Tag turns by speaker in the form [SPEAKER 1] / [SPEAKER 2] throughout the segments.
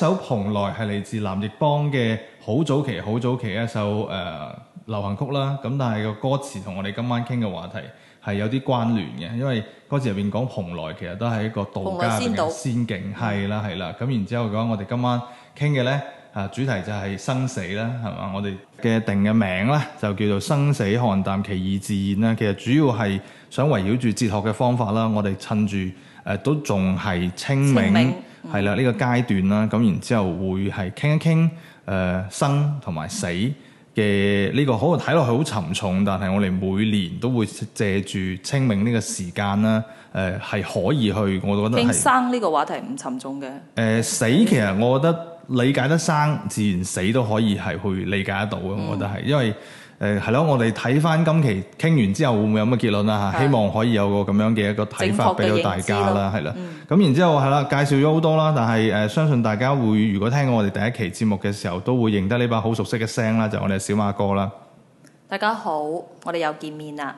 [SPEAKER 1] 首蓬萊係嚟自藍奕邦嘅好早期、好早期一首誒、呃、流行曲啦。咁但係個歌詞同我哋今晚傾嘅話題係有啲關聯嘅，因為歌詞入邊講蓬萊其實都係一個道家嘅仙境。係啦，係啦。咁然之後講我哋今晚傾嘅咧誒主題就係生死啦，係嘛？我哋嘅定嘅名咧就叫做生死看淡，其義自然啦。其實主要係想圍繞住哲學嘅方法啦。我哋趁住誒、呃、都仲係清明。清明係啦，呢、嗯、個階段啦，咁然之後會係傾一傾誒、呃、生同埋死嘅呢、這個，可能睇落去好沉重，但係我哋每年都會借住清明呢個時間啦，誒、呃、係可以去，我覺得。
[SPEAKER 2] 生呢個話題唔沉重嘅。
[SPEAKER 1] 誒、呃、死其實我覺得。理解得生，自然死都可以係去理解得到嘅，我覺得係因為，誒係咯，我哋睇翻今期傾完之後會唔會有乜結論啦？吓的，希望可以有個咁樣嘅一個睇法俾到大家啦，係啦。咁、嗯、然之後，係啦，介紹咗好多啦，但係誒、呃，相信大家會，如果聽過我哋第一期節目嘅時候，都會認得呢把好熟悉嘅聲啦，就我哋小馬哥啦。
[SPEAKER 2] 大家好，我哋又見面啦。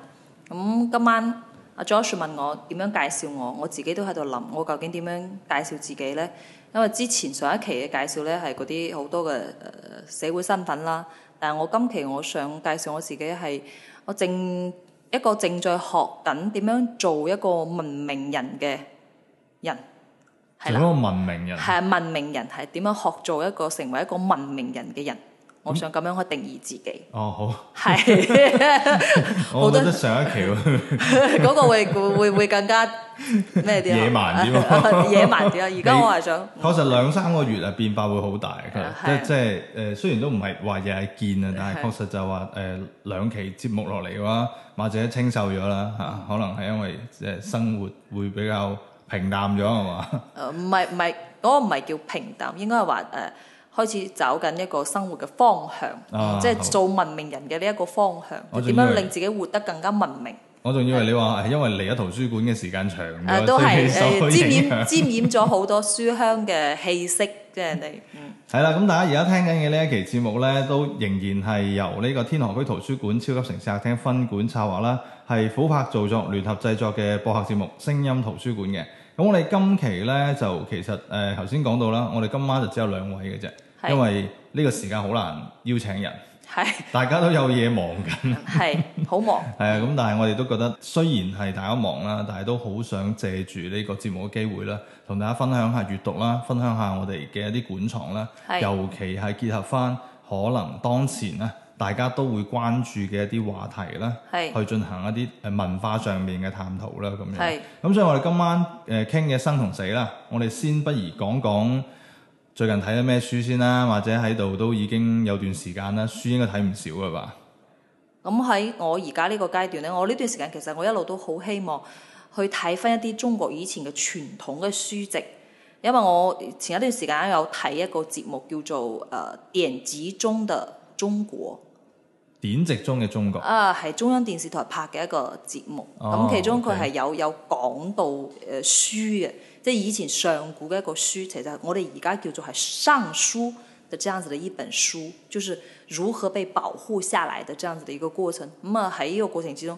[SPEAKER 2] 咁、嗯、今晚阿 Josh 問我點樣介紹我，我自己都喺度諗，我究竟點樣介紹自己咧？因為之前上一期嘅介紹咧係啲好多嘅、呃、社會身份啦，但係我今期我想介紹我自己係我正一個正在學緊點樣做一個文明人嘅人，
[SPEAKER 1] 係啦，做一個文明人，係
[SPEAKER 2] 文明人係點樣學做一個成為一個文明人嘅人。我想咁樣去定義自己。
[SPEAKER 1] 哦，好。係，
[SPEAKER 2] 我覺得
[SPEAKER 1] 上一期嗰個會
[SPEAKER 2] 會會更加咩啲野蠻啲野蠻啲啊！而家我係想，
[SPEAKER 1] 確實兩三個月啊，變化會好大。即係誒，雖然都唔係話日日見啊，但係確實就話誒，兩期節目落嚟嘅話，或者清秀咗啦吓，可能係因為即係生活會比較平淡咗啊嘛。
[SPEAKER 2] 誒，唔係唔係，嗰個唔係叫平淡，應該係話誒。開始找緊一個生活嘅方向，啊、即係做文明人嘅呢一個方向，點樣令自己活得更加文明？
[SPEAKER 1] 我仲以為你話係是因為嚟咗圖書館嘅時間長，啊、都係、呃、沾染 沾
[SPEAKER 2] 染咗好多書香嘅氣息，即、就、係、是、你。
[SPEAKER 1] 係、嗯、啦，咁 大家而家聽緊嘅呢一期節目呢，都仍然係由呢個天河區圖書館超級城市客廳分館策劃啦，係琥珀做作聯合製作嘅播客節目《聲音圖書館》嘅。咁我哋今期咧就其實誒頭先講到啦，我哋今晚就只有兩位嘅啫，是因為呢個時間好難邀請人，係是大家都有嘢忙緊，係好忙。係啊，咁但係我哋都覺得雖然係大家忙啦，但係都好想借住呢個節目嘅機會啦，同大家分享下閱讀啦，分享下我哋嘅一啲館藏啦，是尤其係結合翻可能當前咧。是嗯大家都會關注嘅一啲話題啦，是去進行一啲誒文化上面嘅探討啦，咁樣。咁是所以我哋今晚誒傾嘅生同死啦，我哋先不如講講最近睇咗咩書先啦，或者喺度都已經有段時間啦，書應該睇唔少噶吧。
[SPEAKER 2] 咁喺我而家呢個階段咧，我呢段時間其實我一路都好希望去睇返一啲中國以前嘅傳統嘅書籍，因為我前一段時間有睇一個節目叫做《誒典籍中的》。中國
[SPEAKER 1] 典籍中嘅中國
[SPEAKER 2] 啊，係、uh, 中央電視台拍嘅一個節目，咁、oh, okay. 其中佢係有有講到誒書嘅，即以前上古嘅一個書，其實我哋而家叫做係《尚書》嘅這樣子嘅一本書，就是如何被保護下來的這樣子的一個過程。咁、嗯、啊，喺呢個過程之中。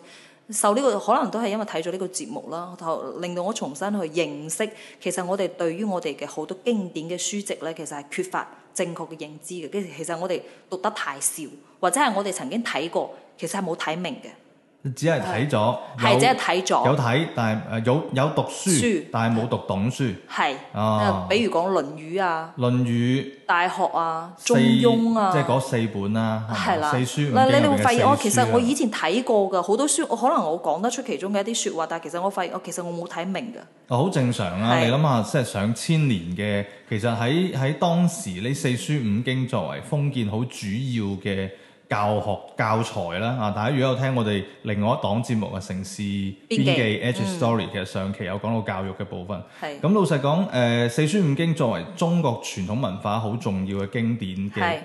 [SPEAKER 2] 受呢個可能都係因為睇咗呢個節目啦，令到我重新去認識，其實我哋對於我哋嘅好多經典嘅書籍咧，其實係缺乏正確嘅認知嘅。跟住其實我哋讀得太少，或者係我哋曾經睇過，其實係冇睇明嘅。
[SPEAKER 1] 只係睇咗，係是有只係睇咗有睇，但係誒有有讀書，書，但係冇讀懂書。
[SPEAKER 2] 係哦是，啊、比如講、啊《論語》啊，
[SPEAKER 1] 《論語》《
[SPEAKER 2] 大學》啊，《中庸》啊，即係嗰
[SPEAKER 1] 四本啦、啊，四書五經嘅四書。唔係你你會發現，我其實我以
[SPEAKER 2] 前睇過嘅好多書，我可能我講得出其中嘅一啲説話，但係其實我發現我其實我冇睇明㗎。哦、
[SPEAKER 1] 啊，好正常啊！的你諗下，即係上千年嘅，其實喺喺當時呢四書五經作為封建好主要嘅。教學教材啦，啊！大家如果有聽我哋另外一檔節目嘅城市編記 H Story，其實上期有講到教育嘅部分。咁是老實講，誒、呃、四書五經作為中國傳統文化好重要嘅經典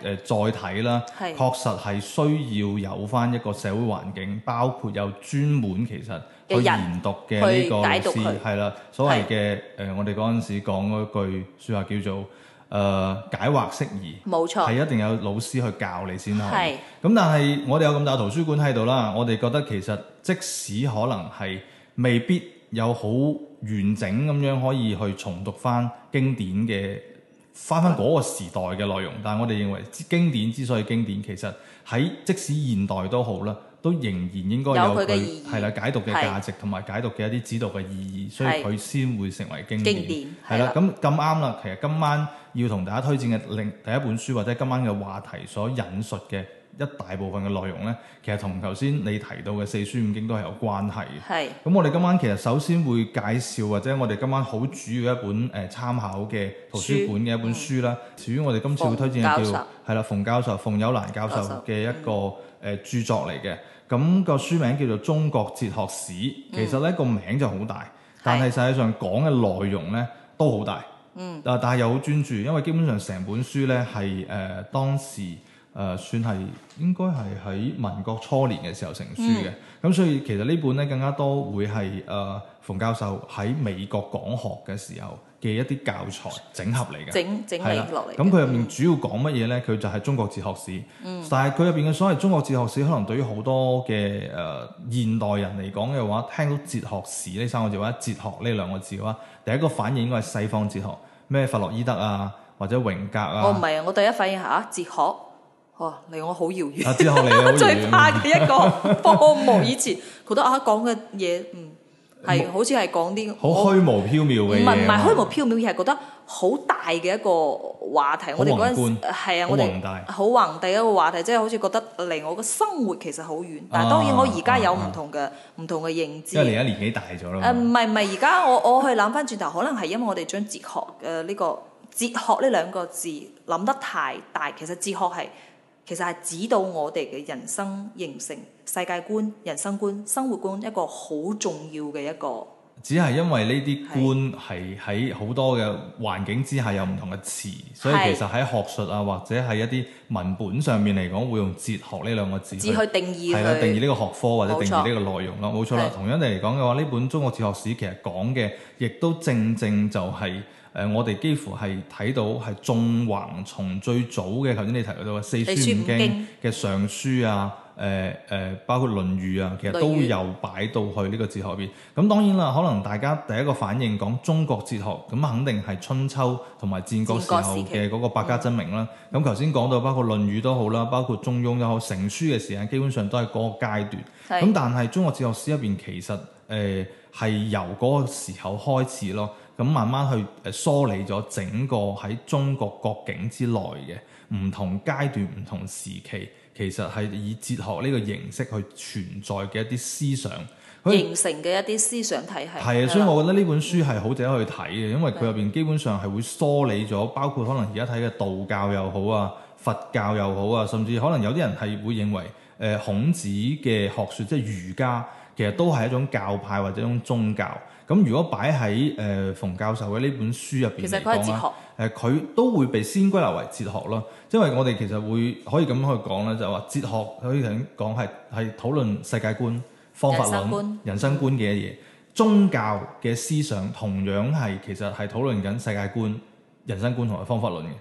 [SPEAKER 1] 嘅誒載體啦，是確實係需要有返一個社會環境，包括有專門其實去研讀嘅呢個老師係啦，所謂嘅誒是、呃、我哋嗰陣時講嗰句説話叫做，誒、呃、解惑適宜，冇錯錯，係一定有老師去教你先咯。係是，咁但係我哋有咁大圖書館喺度啦，我哋覺得其實即使可能係未必有好完整咁樣可以去重讀翻經典嘅，翻翻嗰個時代嘅內容。是但係我哋認為經典之所以經典，其實喺即使現代都好啦。都仍然應該有佢係啦，解讀嘅價值同埋的解讀嘅一啲指導嘅意義，所以佢先的會成為經典。係啦，咁咁啱啦。其實今晚要同大家推薦嘅另第一本書，或者今晚嘅話題所引述嘅，一大部分嘅內容呢，其實同頭先你提到嘅四書五經都係有關係嘅。咁係我哋今晚其實首先會介紹，或者我哋今晚好主要一本誒參、呃、考嘅圖書館嘅一本書啦。至於、嗯、我哋今次會推薦嘅叫係啦，馮教授、馮友蘭教授嘅一個誒授、嗯呃、著作嚟嘅。咁、那個書名叫做《中國哲學史》，其實呢個名就好大，嗯、但係實際上講嘅內容呢都好大。嗯。但係又好專注，因為基本上成本書呢係誒、呃呃、當時。誒、呃、算係應該係喺民國初年嘅時候成書嘅，咁、嗯、所以其實本呢本咧更加多會係誒、呃、馮教授喺美國講學嘅時候嘅一啲教材整合嚟嘅，整、
[SPEAKER 2] 整落嚟嘅，係啦。咁
[SPEAKER 1] 佢入面主要講乜嘢咧？佢就係中國哲學史，嗯、但係佢入邊嘅所謂中國哲學史，可能對於好多嘅誒、呃、現代人嚟講嘅話，聽到哲學史呢三個字或者哲學呢兩個字嘅話，第一個反應應該係西方哲學，咩弗洛伊德啊或者榮格啊。我唔
[SPEAKER 2] 係啊，我第一反應係啊哲學。哲學哦，離我好遙遠，我最怕嘅一個科目，以前覺得啊講嘅嘢，嗯，
[SPEAKER 1] 係好
[SPEAKER 2] 似係講啲好虛無
[SPEAKER 1] 縹緲嘅，唔係唔係虛無
[SPEAKER 2] 縹緲，而係覺得好大嘅一個話題。我哋嗰陣時係啊，我哋好宏大一個話題，即係好似覺得離我嘅生活其實好遠。但係當然我而家有唔同嘅唔同嘅認知。因為而家年紀
[SPEAKER 1] 大咗啦。誒，
[SPEAKER 2] 唔係唔係，而家我我去諗翻轉頭，可能係因為我哋將哲學，誒，呢個哲學呢兩個字諗得太大，其實哲學係。其實係指導我哋嘅人生形成、世界觀、人生觀、生活觀一個好重要嘅一個。
[SPEAKER 1] 只係因為呢啲觀係喺好多嘅環境之下有唔同嘅詞，所以其實喺學術啊或者係一啲文本上面嚟講，會用哲學呢兩個字去，去定義去，係啦，定義呢個學科或者定義呢個內容咯，冇錯啦。冇錯係同樣地嚟講嘅話，呢本《中國哲學史》其實講嘅亦都正正，正就係、係。誒、呃，我哋幾乎係睇到係縱橫從最早嘅頭先你提到嘅四書，書五經嘅上書啊，誒、呃、誒、呃，包括論語啊，其實都有擺到去呢個哲學入邊。咁、嗯、當然啦，可能大家第一個反應講中國哲學，咁肯定係春秋同埋戰國時候嘅嗰個百家爭鳴啦。咁頭先講到包括論語都好啦，包括中庸都好，成書嘅時間基本上都係嗰個階段。咁是但係中國哲學史入邊，其實誒係、呃、由嗰個時候開始咯。咁慢慢去梳理咗整個喺中國國境之內嘅唔同階段、唔同時期，其實係以哲學呢個形式去存在嘅一啲思想，佢形
[SPEAKER 2] 成嘅一啲思想體系。係啊的，嗯、所以我覺
[SPEAKER 1] 得呢本書係好值得去睇嘅，因為佢入邊基本上係會梳理咗，包括可能而家睇嘅道教又好啊、佛教又好啊，甚至可能有啲人係會認為，誒、呃、孔子嘅學説即係儒家，其實都係一種教派或者一種宗教。咁如果擺喺誒馮教授嘅呢本書入邊嚟講啦，誒佢、呃、都會被先歸納為哲學咯，因為我哋其實會可以咁去講咧，就話哲學可以講係係討論世界觀、方法論、人生觀嘅嘢。嗯、宗教嘅思想同樣係其實係討論緊世界觀、人生觀同埋方法論嘅。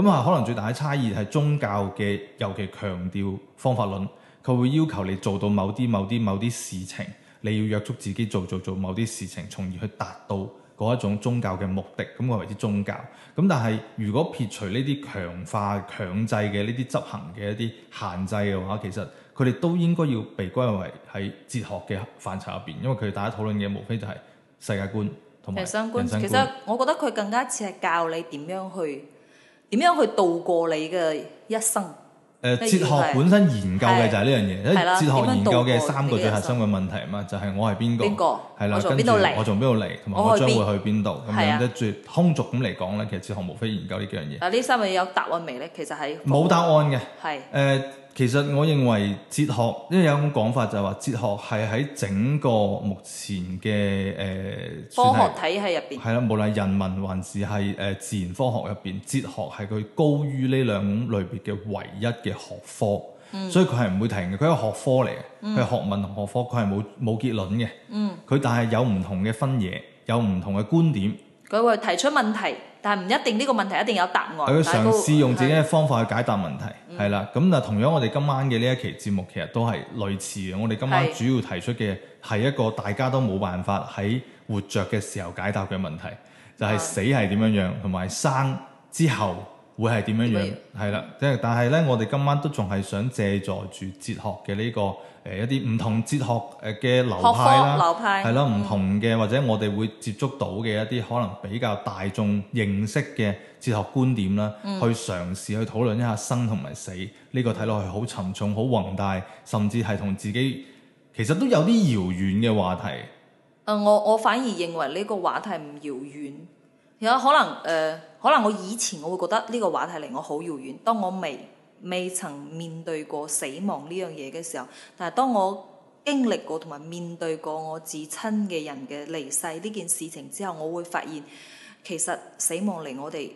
[SPEAKER 1] 咁啊，可能最大嘅差異係宗教嘅，尤其強調方法論，佢會要求你做到某啲某啲某啲事情。你要約束自己做做做某啲事情，從而去達到嗰一種宗教嘅目的，咁我為之宗教。咁但係如果撇除呢啲強化強制嘅呢啲執行嘅一啲限制嘅話，其實佢哋都應該要被歸為喺哲學嘅範疇入邊，因為佢哋大家討論嘅無非就係世界觀
[SPEAKER 2] 同埋人，人生觀。其實我覺得佢更加似係教你點樣去點樣去度過你嘅一生。
[SPEAKER 1] 誒，哲學本身研究嘅就係呢樣嘢，的哲學研究嘅三個最核心嘅問題啊嘛，就係我係邊個，係啦的，跟住我從邊度嚟，同埋我將會去邊度，咁的樣咧住的空俗咁嚟講咧，其實哲學無非研究呢幾樣嘢。嗱，
[SPEAKER 2] 呢三個嘢有答案未咧？其實係冇
[SPEAKER 1] 答案嘅。係誒的。呃其實，我認為哲學，因為有一種講法就係話哲學係喺整個目前嘅誒、呃、科學
[SPEAKER 2] 體系入邊，係
[SPEAKER 1] 啦，無論人文還是係誒、呃、自然科學入邊，哲學係佢高於呢兩類別嘅唯一嘅學科，嗯、所以佢係唔會停嘅。佢係學科嚟嘅，佢係、嗯、學問同學科，佢係冇冇結論嘅。佢、嗯、但係有唔同嘅分野，有唔同嘅觀點。
[SPEAKER 2] 佢會提出問題，但係唔一定呢、這個問題一定有答案。佢會嘗試用自己
[SPEAKER 1] 嘅方法去解答問題，係啦、嗯。咁嗱，同樣我哋今晚嘅呢一期節目其實都係類似嘅。我哋今晚主要提出嘅係一個大家都冇辦法喺活着嘅時候解答嘅問題，就係、是、死係點樣樣，同埋、嗯、生之後。會係點樣樣？係啦麼，即係但係呢，我哋今晚都仲係想借助住哲學嘅呢、呢個誒、呃、一啲唔同哲學嘅流派啦，係咯，唔同嘅或者我哋會接觸到嘅一啲可能比較大眾認識嘅哲學觀點啦，嗯、去嘗試去討論一下生同埋死呢、呢個睇落去好沉重、好宏大，甚至係同自己其實都有啲遙遠嘅話題。
[SPEAKER 2] 誒、嗯，我我反而認為呢個話題唔遙遠，有可能誒。呃可能我以前我會覺得呢個話題離我好遙遠，當我未未曾面對過死亡呢樣嘢嘅時候，但係當我經歷過同埋面對過我至親嘅人嘅離世呢件事情之後，我會發現其實死亡離我哋誒、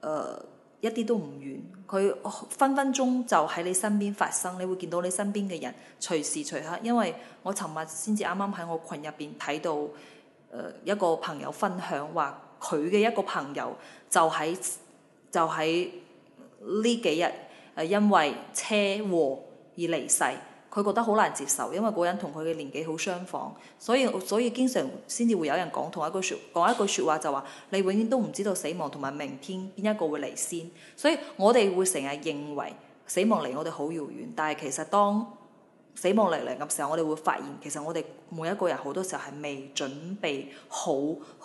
[SPEAKER 2] 呃、一啲都唔遠，佢分分鐘就喺你身邊發生，你會見到你身邊嘅人隨時隨刻。因為我尋日先至啱啱喺我群入邊睇到誒、呃、一個朋友分享話，佢嘅一個朋友就喺就喺呢幾日誒，因為車禍而離世，佢覺得好難接受，因為嗰人同佢嘅年紀好相仿，所以所以經常先至會有人講同一句説講一句説話就說，就話你永遠都唔知道死亡同埋明天邊一個會嚟先，所以我哋會成日認為死亡離我哋好遙遠，但係其實當死亡嚟嚟嘅時候，我哋會發現其實我哋每一個人好多時候係未準備好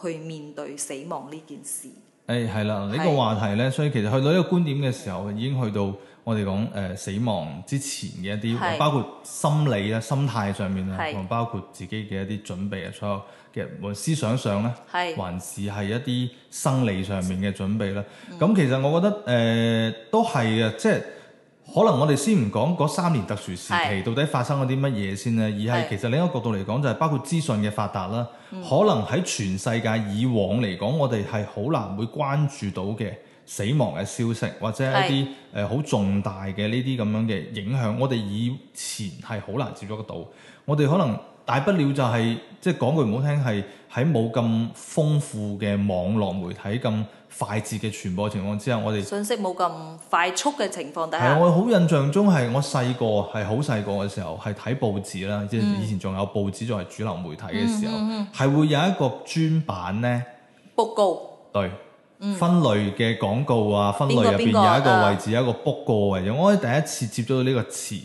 [SPEAKER 2] 去面對死亡呢
[SPEAKER 3] 件事。
[SPEAKER 1] 誒係啦，呢是個話題咧，所以其實去到呢個觀點嘅時候，已經去到我哋講誒死亡之前嘅一啲，是包括心理啊、心態上面啊，同是包括自己嘅一啲準備啊，所有嘅思想上咧，是還是係一啲生理上面嘅準備啦。咁、嗯、其實我覺得誒、呃、都係啊，即係。可能我哋先唔講嗰三年特殊時期到底發生咗啲乜嘢先咧、啊，是而係其實另一個角度嚟講，就係包括資訊嘅發達啦。嗯、可能喺全世界以往嚟講，我哋係好難會關注到嘅死亡嘅消息，或者一啲誒好重大嘅呢啲咁樣嘅影響，我哋以前係好難接觸得到。我哋可能大不了就係即係講句唔好聽，係喺冇咁豐富嘅網絡媒體咁。快捷嘅傳播情況之下，我哋信
[SPEAKER 2] 息冇咁快速嘅情況底下，係我
[SPEAKER 1] 好印象中係我細個係好細個嘅時候係睇報紙啦，即係、嗯、以前仲有報紙作為主流媒體嘅時候，係、嗯嗯嗯、會有一個專版咧，book 過對，嗯、分類嘅廣告啊，分類入邊有一個位置有一個 book 過嘅，誰誰啊、我可以第一次接觸到呢個詞。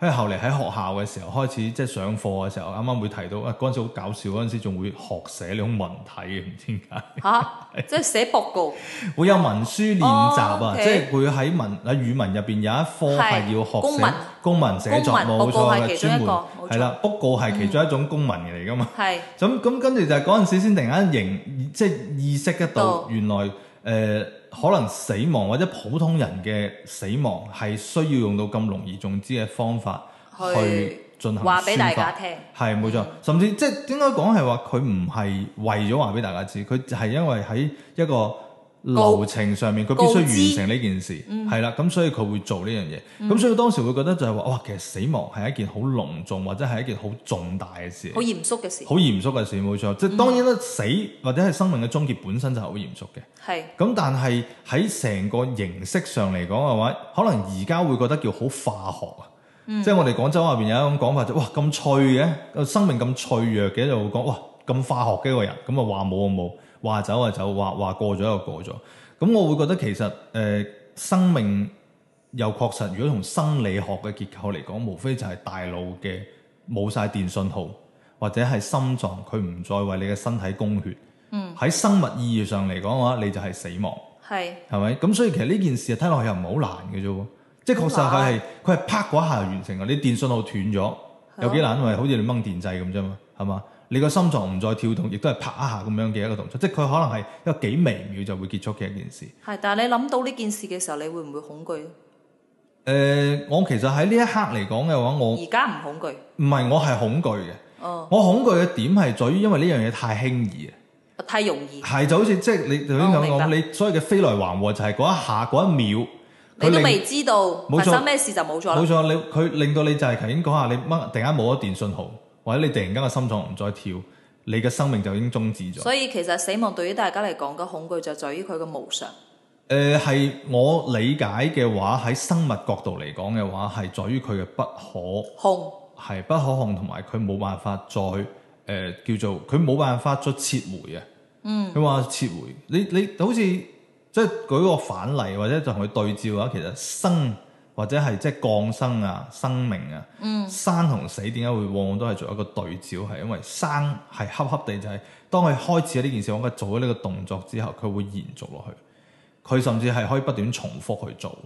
[SPEAKER 1] 喺後嚟喺學校嘅時候開始，即係上課嘅時候，啱啱會提到啊，嗰陣時好搞笑，嗰陣時仲會學寫呢種文體嘅，唔知點解即係寫報告。會有文書練習啊，即係會喺文喺語文入邊有一科係要學寫公文寫作，冇錯係專門。係啦，報告係其中一種公文嚟噶嘛。係。咁咁跟住就係嗰陣時先突然間認，即係意識得到原來誒。可能死亡或者普通人嘅死亡係需要用到咁隆重其事嘅方法去進進行，話俾大家聽法，係冇錯，甚至即係應該講係話佢唔係為咗話俾大家知，佢係因為喺一個。流程上面佢必須完成呢件事，係啦，咁、嗯、所以佢會做呢樣嘢，咁、嗯、所以當時會覺得就係話，哇，其實死亡係一件好隆重或者係一件好重大嘅事，好嚴肅嘅事，好嚴肅嘅事冇錯。即係、嗯、當然啦，死或者係生命嘅終結本身就係好嚴肅嘅，係是。咁但係喺成個形式上嚟講嘅話，可能而家會覺得叫好化學啊，即係、嗯、我哋廣州入邊有一種講法就是，哇，咁脆嘅，生命咁脆弱嘅，就會講，哇，咁化學嘅一個人，咁啊話冇啊，冇。話走啊走，話話過咗就過咗。咁我會覺得其實誒、呃、生命又確實，如果從生理學嘅結構嚟講，無非就係大腦嘅冇晒電信號，或者係心臟佢唔再為你嘅身體供血。嗯，喺生物意義上嚟講嘅話，你就係死亡。係係咪？咁所以其實呢件事睇落去又唔係好難嘅啫。
[SPEAKER 2] 即係確實佢係
[SPEAKER 1] 佢係啪嗰一下完成嘅。你電信號斷咗，啊、有幾難？因為、嗯、好似你掹電掣咁啫嘛，係嘛？你個心臟唔再跳動，亦都係拍一下咁樣嘅一個動作，即係佢可能係一個幾微秒就會結束嘅一件事。
[SPEAKER 2] 係，但係你諗到呢件事嘅時候，你會唔會恐懼？
[SPEAKER 1] 誒，我其實喺呢一刻嚟講嘅話，我而家唔恐懼。唔係，我係恐懼嘅。哦，我恐懼嘅點係在於，因為呢樣嘢太輕易啊，
[SPEAKER 2] 太容易。
[SPEAKER 1] 係就好似即係你頭先講我，你所謂嘅飛來橫禍就係嗰一下嗰一秒，都未
[SPEAKER 2] 知道發生咩事就冇咗。冇錯，
[SPEAKER 1] 你佢令到你就係頭先講下，你掹突然間冇咗電信號。或者你突然間個心臟唔再跳，你嘅生命就已經終止咗。所
[SPEAKER 2] 以其實死亡對於大家嚟講嘅恐懼就在於佢嘅無常。
[SPEAKER 1] 誒、呃，係我理解嘅話，喺生物角度嚟講嘅話，係在於佢嘅不可控，係哄不可控同埋佢冇辦法再誒、呃、叫做佢冇辦法再撤回啊。
[SPEAKER 3] 嗯，佢
[SPEAKER 1] 話撤回，你你好似即係舉個反例或者就同佢對照嘅話，其實生。或者係即係降生啊、生命啊，生同死點解會往往都係做一個對照？係因為生係恰恰地就係當佢開始呢件事，或者佢做咗呢個動作之後，佢會延續落去，佢甚至係可以不斷重複去做嘅，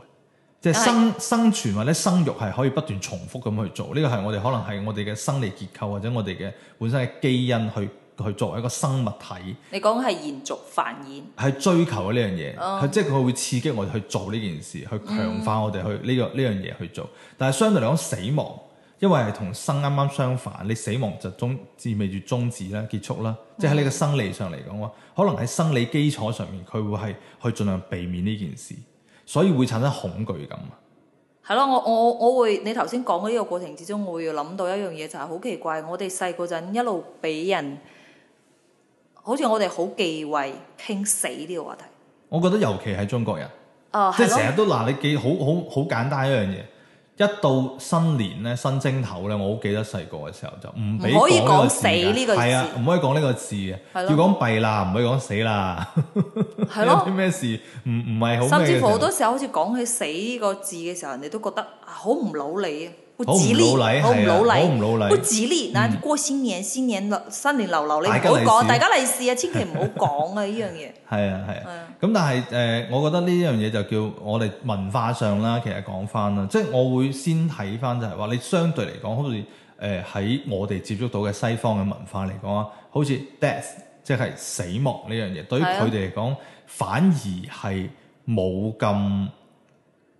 [SPEAKER 1] 即係生生存或者生育係可以不斷重複咁去做。呢個係我哋可能係我哋嘅生理結構或者我哋嘅本身嘅基因去。去作為一個生物體，
[SPEAKER 2] 你講係延續繁衍，
[SPEAKER 1] 係追求呢樣嘢，即係佢會刺激我哋去做呢件事，去強化我哋去呢、嗯這個呢樣嘢去做。但係相對嚟講死亡，因為係同生啱啱相反，你死亡就終意味住終止啦、結束啦。即係喺你嘅生理上嚟講，嗯、可能喺生理基礎上面，佢會係去盡量避免呢件事，所以會產生恐懼感。
[SPEAKER 2] 係咯，我我我，我會你頭先講嘅呢個過程之中，我會諗到一樣嘢就係、是、好奇怪，我哋細嗰陣一路俾人。好似我哋好忌諱傾死呢個話題，
[SPEAKER 1] 我覺得尤其係中國人，
[SPEAKER 2] 哦、即係成日
[SPEAKER 1] 都嗱，你幾好好好簡單一樣嘢，一到新年咧，新正頭咧，我好記得細個嘅時候就唔俾講死呢個字，係啊，唔可以講呢個字嘅，要講弊啦，唔可以講死啦，係咯，咩 事唔唔係好，甚至乎好多時
[SPEAKER 2] 候好似講起死呢個字嘅時候，人哋都覺得好唔老理啊。好唔老唔係啊，好唔老嚟，不吉利。嗱、嗯，過新年，新年新年流流，你唔好講，大吉利是啊，千祈唔好講啊，呢樣嘢。
[SPEAKER 1] 係啊係啊，咁、啊、但係誒、呃，我覺得呢樣嘢就叫我哋文化上啦，其實講翻啦，即、就、係、是、我會先睇翻就係話，你相對嚟講，好似誒喺我哋接觸到嘅西方嘅文化嚟講啊，好似 death 即係死亡呢樣嘢，對於佢哋嚟講，反而係冇咁。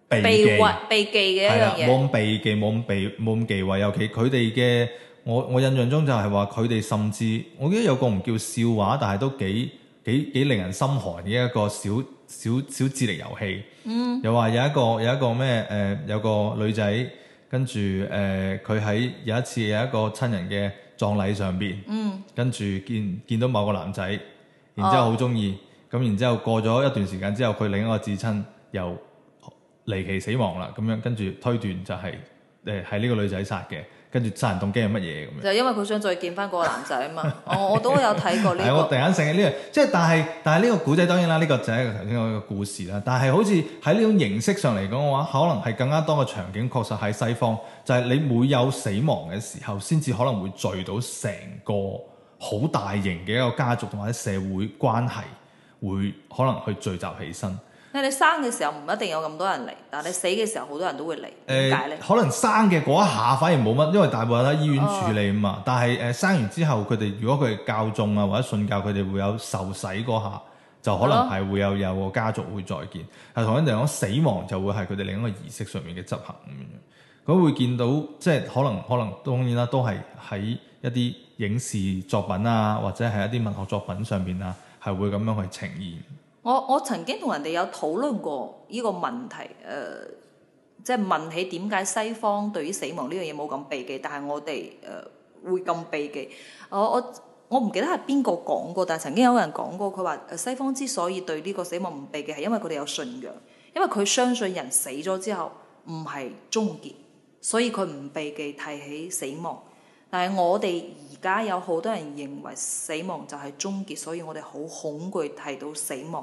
[SPEAKER 1] 避諱、
[SPEAKER 2] 避
[SPEAKER 3] 忌嘅一樣嘢，係啦，冇咁
[SPEAKER 1] 避忌，冇咁避冇咁忌諱。尤其佢哋嘅，我我印象中就係話佢哋甚至，我記得有個唔叫笑話，但係都幾幾幾令人心寒嘅一個小小小，小智力遊戲。
[SPEAKER 3] 嗯，又
[SPEAKER 1] 話有一個有一個咩誒、呃，有個女仔跟住誒，佢、呃、喺有一次有一個親人嘅葬禮上邊，嗯，跟住見見到某個男仔，然之後好中意，咁、哦、然之後過咗一段時間之後，佢另一個至親又。離奇死亡啦，咁樣跟住推斷就係誒係呢個女仔殺嘅，跟住殺人動機係乜嘢咁樣？就
[SPEAKER 2] 因為佢想再見翻嗰個男仔啊嘛。 哦，我都有睇過呢、這個。係 我
[SPEAKER 1] 突然醒起呢樣，即係但係但係呢個古仔，當然啦，呢、這個就係頭先我嘅故事啦。但係好似喺呢種形式上嚟講嘅話，可能係更加多嘅場景，確實喺西方，就係、是、你每有死亡嘅時候，先至可能會聚到成個好大型嘅一個家族同或者社會關係，會可能去聚集起身。
[SPEAKER 2] 你生嘅時候唔一定有咁多人嚟，但係你死嘅時候好多人都會
[SPEAKER 3] 嚟。
[SPEAKER 1] 點解咧、呃、可能生嘅嗰一下反而冇乜，因為大部分喺醫院處理啊嘛。啊但係誒、呃、生完之後，佢哋如果佢哋教眾啊或者信教，佢哋會有受洗嗰下，就可能係會有有個家族會再見。係、啊、同樣地講死亡就會係佢哋另一個儀式上面嘅執行咁樣。佢、嗯嗯、會見到即係、就是、可能可能當然啦，都係喺一啲影視作品啊，或者係一啲文學作品上面啊，係會咁樣去呈現。
[SPEAKER 2] 我我曾經同人哋有討論過呢個問題，誒、呃，即係問起點解西方對於死亡呢樣嘢冇咁避忌，但係我哋誒、呃、會咁避忌。呃、我我我唔記得係邊個講過，但係曾經有人講過，佢話西方之所以對呢個死亡唔避忌，係因為佢哋有信仰，因為佢相信人死咗之後唔係終結，所以佢唔避忌提起死亡。但係我哋。而家有好多人認為死亡就係終結，所以我哋好恐懼提到死亡。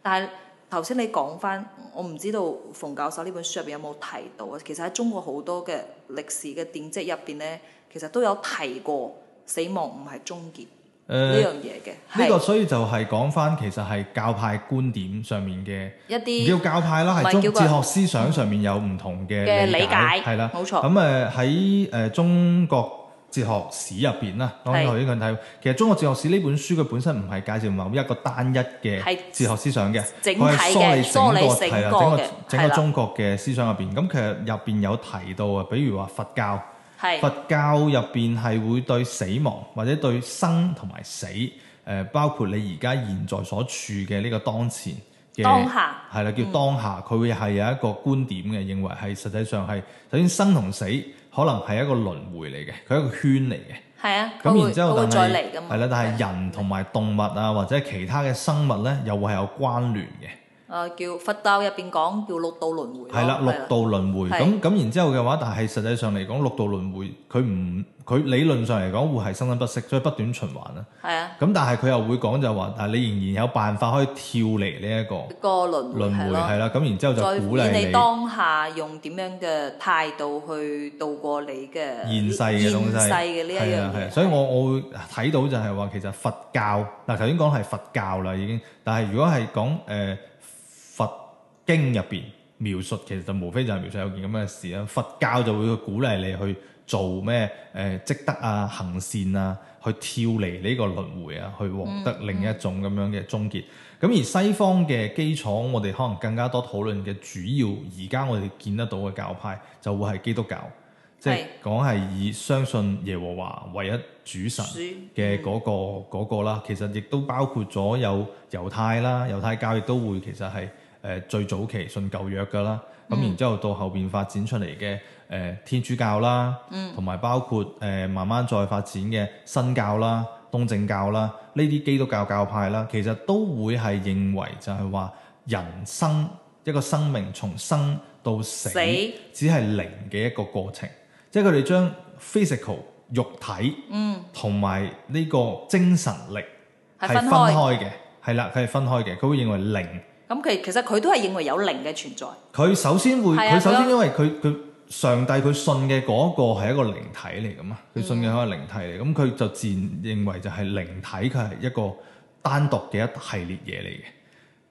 [SPEAKER 2] 但係頭先你講翻，我唔知道馮教授呢本書入邊有冇提到啊？其實喺中國好多嘅歷史嘅典籍入邊呢，其實都有提過死亡唔係終結呢、呃、樣嘢
[SPEAKER 1] 嘅。呢個所以就係講翻，其實係教派觀點上面嘅
[SPEAKER 3] 一啲些唔叫教
[SPEAKER 1] 派啦，係哲學思想上面有唔同嘅理解，係啦、嗯，冇、嗯、吧錯。咁誒喺誒中國。嗯嗯哲學史入邊啦，當然我呢個睇，是其實中國哲學史呢本書佢本身唔係介紹某一個單一嘅哲學思想嘅，佢係梳理整個係啊整個整個中國嘅思想入邊。咁其實入邊有提到啊，比如話佛教，是佛教入邊係會對死亡或者對生同埋死，誒、呃、包括你而家現在所處嘅呢個當前嘅，係啦下叫當下，佢、嗯、會係有一個觀點嘅，認為係實際上係首先生同死。可能係一個輪迴嚟嘅，佢係一個圈嚟嘅，
[SPEAKER 2] 咁、啊、然之後但係係
[SPEAKER 1] 啦，但係人同埋動物啊，或者其他嘅生物呢，又會係有關聯嘅。
[SPEAKER 2] 啊，叫佛教入邊講叫六道輪迴，係啦，六道
[SPEAKER 1] 輪迴，咁咁然之後嘅話，但係實際上嚟講，六道輪迴佢唔佢理論上嚟講會係生生不息，所以不斷循環啦。係啊，咁但係佢又會講就話，但係你仍然有辦法可以跳離呢一個個輪迴係啦。咁然之後就鼓勵你當
[SPEAKER 2] 下用點樣嘅態度去度過你嘅現世嘅東西嘅呢一樣。
[SPEAKER 1] 係啊係，所以我我會睇到就係話，其實佛教嗱頭先講係佛教啦已經，但係如果係講誒。經入邊描述，其實就無非就係描述有件咁嘅事啦。佛教就會去鼓勵你去做咩誒積德啊、行善啊，去跳離呢個輪迴啊，去獲得另一種咁樣嘅終結。咁、嗯嗯、而西方嘅基礎，我哋可能更加多討論嘅主要，而家我哋見得到嘅教派就會係基督教，即係講係以相信耶和華唯一主神嘅嗰、嗰個嗰、嗯嗯、個啦。其實亦都包括咗有猶太啦，猶太教亦都會其實係。誒、呃、最早期信舊約㗎啦，咁、嗯、然之後到後邊發展出嚟嘅誒天主教啦，同埋、嗯、包括誒、呃、慢慢再發展嘅新教啦、東正教啦，呢啲基督教教派啦，其實都會係認為就係話人生一個生命從生到死，死只係靈嘅一個過程，即係佢哋將 physical 肉體同埋呢個精神力
[SPEAKER 3] 係分開嘅，
[SPEAKER 1] 係啦，佢係分開嘅，佢會認為靈。
[SPEAKER 2] 咁其其實佢都係認為有靈嘅存在。
[SPEAKER 1] 佢首先會，佢、啊、首先因為，佢佢上帝佢信嘅嗰個係一個靈體嚟噶嘛？佢信嘅係一個靈體嚟，咁佢、嗯、就自然認為就係靈體，佢係一個單獨嘅一系列嘢嚟嘅。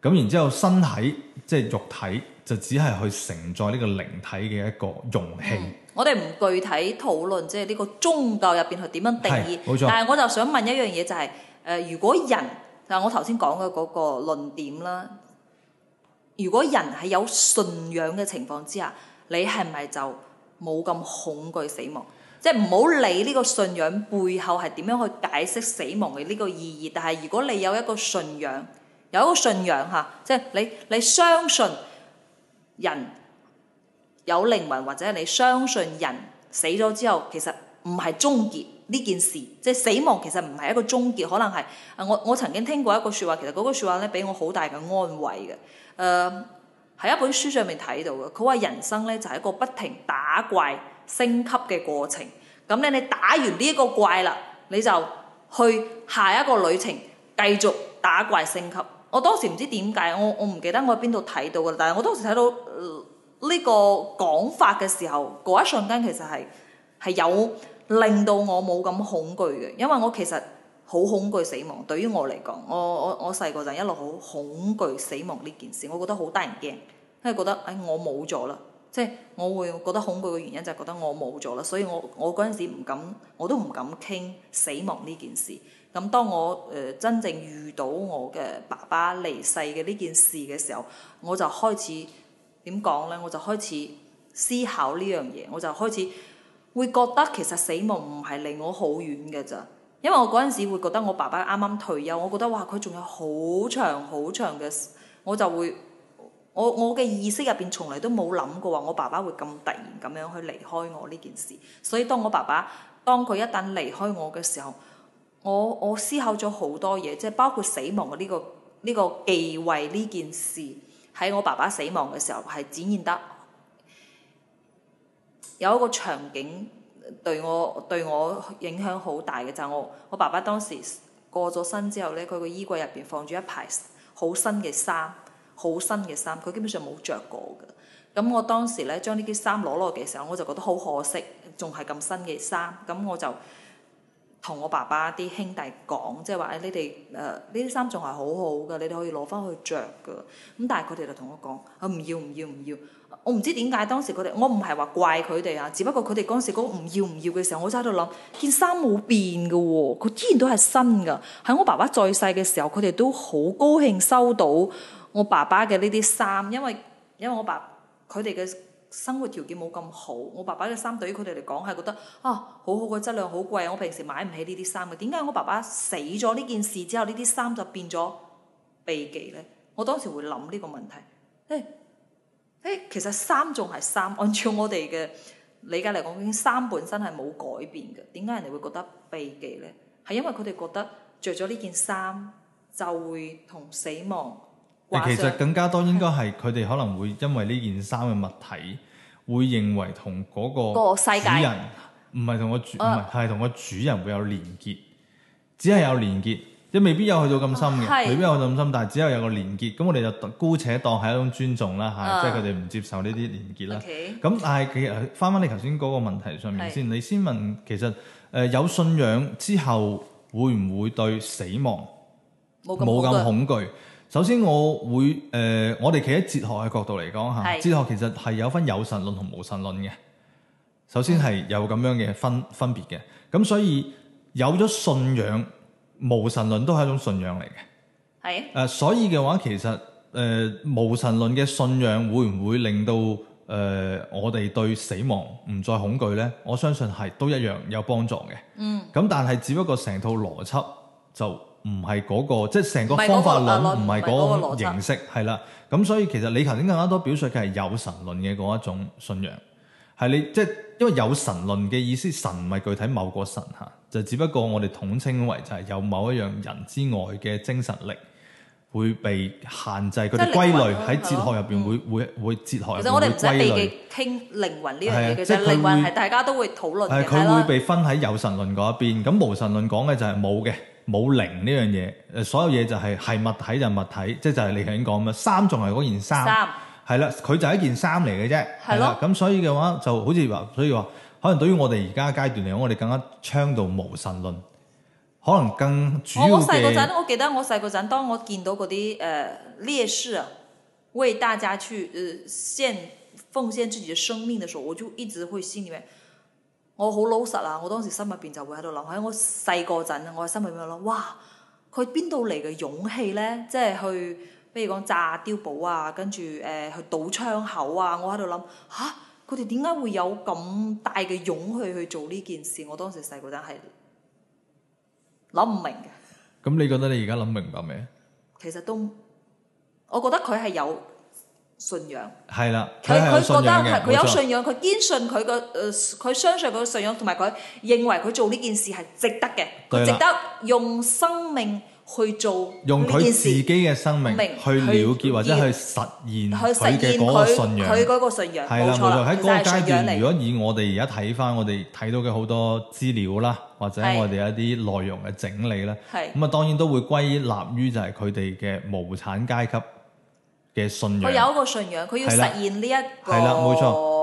[SPEAKER 1] 咁然之後，身體即係、就是、肉體，就只係去承載呢個靈體嘅一個容器。嗯、
[SPEAKER 2] 我哋唔具體討論，即係呢個宗教入邊，係點樣定義，但係我就想問一樣嘢就係、是、誒、呃，如果人啊，就是、我頭先講嘅嗰個論點啦。如果人係有信仰嘅情況之下，你係咪就冇咁恐懼死亡？即係唔好理呢個信仰背後係點樣去解釋死亡嘅呢個意義，但係如果你有一個信仰，有一個信仰吓，即係你你相信人有靈魂，或者你相信人死咗之後其實唔係終結。呢件事，即係死亡其實唔係一個終結，可能係，誒我我曾經聽過一個説話，其實嗰個説話咧俾我好大嘅安慰嘅，誒、呃、喺一本書上面睇到嘅，佢話人生咧就係、是、一個不停打怪升級嘅過程，咁、嗯、咧你打完呢一個怪啦，你就去下一個旅程繼續打怪升級。我當時唔知點解，我我唔記得我喺邊度睇到嘅，但係我當時睇到呢、呃這個講法嘅時候，嗰一瞬間其實係係有。令到我冇咁恐懼嘅，因為我其實好恐懼死亡。對於我嚟講，我我我細個就一路好恐懼死亡呢件事，我覺得好得人驚，因為覺得誒、哎、我冇咗啦，即係我會覺得恐懼嘅原因就係覺得我冇咗啦。所以我我嗰陣時唔敢，我都唔敢傾死亡呢件事。咁當我誒、呃、真正遇到我嘅爸爸離世嘅呢件事嘅時候，我就開始點講呢？我就開始思考呢樣嘢，我就開始。會覺得其實死亡唔係離我好遠嘅咋，因為我嗰陣時會覺得我爸爸啱啱退休，我覺得哇佢仲有好長好長嘅，我就會我我嘅意識入邊從嚟都冇諗過話我爸爸會咁突然咁樣去離開我呢件事，所以當我爸爸當佢一旦離開我嘅時候，我我思考咗好多嘢，即係包括死亡嘅呢個呢個忌諱呢件事喺我爸爸死亡嘅時候係展現得。有一個場景對我對我影響好大嘅就係我我爸爸當時過咗身之後咧，佢個衣櫃入邊放住一排好新嘅衫，好新嘅衫，佢基本上冇着過嘅。咁我當時咧將呢啲衫攞落嚟嘅時候，我就覺得好可惜，仲係咁新嘅衫。咁我就同我爸爸啲兄弟講，即係話誒，你哋誒呢啲衫仲係好好嘅，你哋可以攞翻去着㗎。咁但係佢哋就同我講，我唔要唔要唔要。我唔知點解當時佢哋，我唔係話怪佢哋啊，只不過佢哋當時嗰個唔要唔要嘅時候，我就喺度諗件衫冇變㗎喎，佢依然都係新㗎。喺我爸爸在世嘅時候，佢哋都好高興收到我爸爸嘅呢啲衫，因為因為我爸佢哋嘅生活條件冇咁好，我爸爸嘅衫對於佢哋嚟講係覺得啊好好嘅質量好貴，我平時買唔起呢啲衫嘅。點解我爸爸死咗呢件事之後，呢啲衫就變咗避忌呢？我當時會諗呢個問題。誒，其實衫仲係衫，按照我哋嘅理解嚟講，已經衫本身係冇改變嘅。點解人哋會覺得避忌呢？係因為佢哋覺得着咗呢件衫就會同死亡。
[SPEAKER 1] 其實更加多應該係佢哋可能會因為呢件衫嘅物體， 會認為同嗰個主人唔係同個主，係、啊、同個主人會有連結，只係有連結。嗯即未必有去到咁深嘅，是未必有咁深，但係只有有個連結。咁我哋就姑且當係一種尊重啦，嚇、啊，即係佢哋唔接受呢啲連結啦。咁 Okay. 但係其實翻翻你頭先嗰個問題上面先，是你先問其實誒、呃、有信仰之後會唔會對死亡冇咁恐懼？首先我會誒、呃，我哋企喺哲學嘅角度嚟講嚇，是哲學其實係有分有神論同無神論嘅。首先係有咁樣嘅分、嗯、分別嘅，咁所以有咗信仰。無神論都係一種信仰嚟嘅，係誒、啊呃，所以嘅話，其實誒、呃、無神論嘅信仰會唔會令到誒、呃、我哋對死亡唔再恐懼咧？我相信係都一樣有幫助嘅，嗯，咁但係只不過成套邏輯就唔係嗰個，即係成個方法論唔係嗰個形式係啦。咁所以其實你頭先更加多表述嘅係有神論嘅嗰一種信仰。係你即係，因為有神論嘅意思，神唔係具體某個神吓，就只不過我哋統稱為就係有某一樣人之外嘅精神力會被限制，佢哋歸類喺哲學入邊會、嗯、會會，會哲學會其實我哋就係嘅傾
[SPEAKER 2] 靈魂呢樣嘢，其實靈魂係大家都會討論嘅啦。佢會、啊、會被
[SPEAKER 1] 分喺有神論嗰一邊，咁無神論講嘅就係冇嘅，冇靈呢樣嘢，誒，所有嘢就係、是、係物體就物體，即係就係你頭先講嘅衫，仲係嗰件衫。係啦，佢就一件衫嚟嘅啫，係啦，咁的所以嘅話就好似話，所以話可能對於我哋而家階段嚟講，我哋更加倡導無神論，可能更主要嘅。我細個陣，
[SPEAKER 2] 我記得我細個陣，當我見到嗰啲誒烈士啊，為大家去、呃、獻奉獻自己嘅生命嘅時候，我就一直會心裏面，我好老實啊，我當時心入邊就會喺度諗，喺我細個陣，我喺心入邊諗，哇，佢邊度嚟嘅勇氣咧，即係去。比如講炸碉堡啊，跟住誒、呃、去堵窗口啊，我喺度諗吓，佢哋點解會有咁大嘅勇氣去做呢件事？我當時細個真係諗唔明嘅。
[SPEAKER 1] 咁你覺得你而家諗明白未
[SPEAKER 2] 啊？其實都，我覺得佢係有信仰。
[SPEAKER 1] 係啦，佢佢覺得係佢有信
[SPEAKER 2] 仰，佢堅錯信佢個誒，佢、呃、相信佢嘅信仰，同埋佢認為佢做呢件事係值得嘅，了值得用生命。去做用佢自
[SPEAKER 1] 己嘅生命去了結去或者去實現佢嘅嗰個信仰。佢嗰個信仰，係啦，無論喺，嗰個階段，如果以我哋而家睇翻我哋睇到嘅好多資料啦，或者我哋一啲內容嘅整理咧，咁啊，的當然都會歸納於就係佢哋嘅無產階級嘅信仰。佢有
[SPEAKER 2] 一個信仰，佢要實現呢一係啦，冇錯。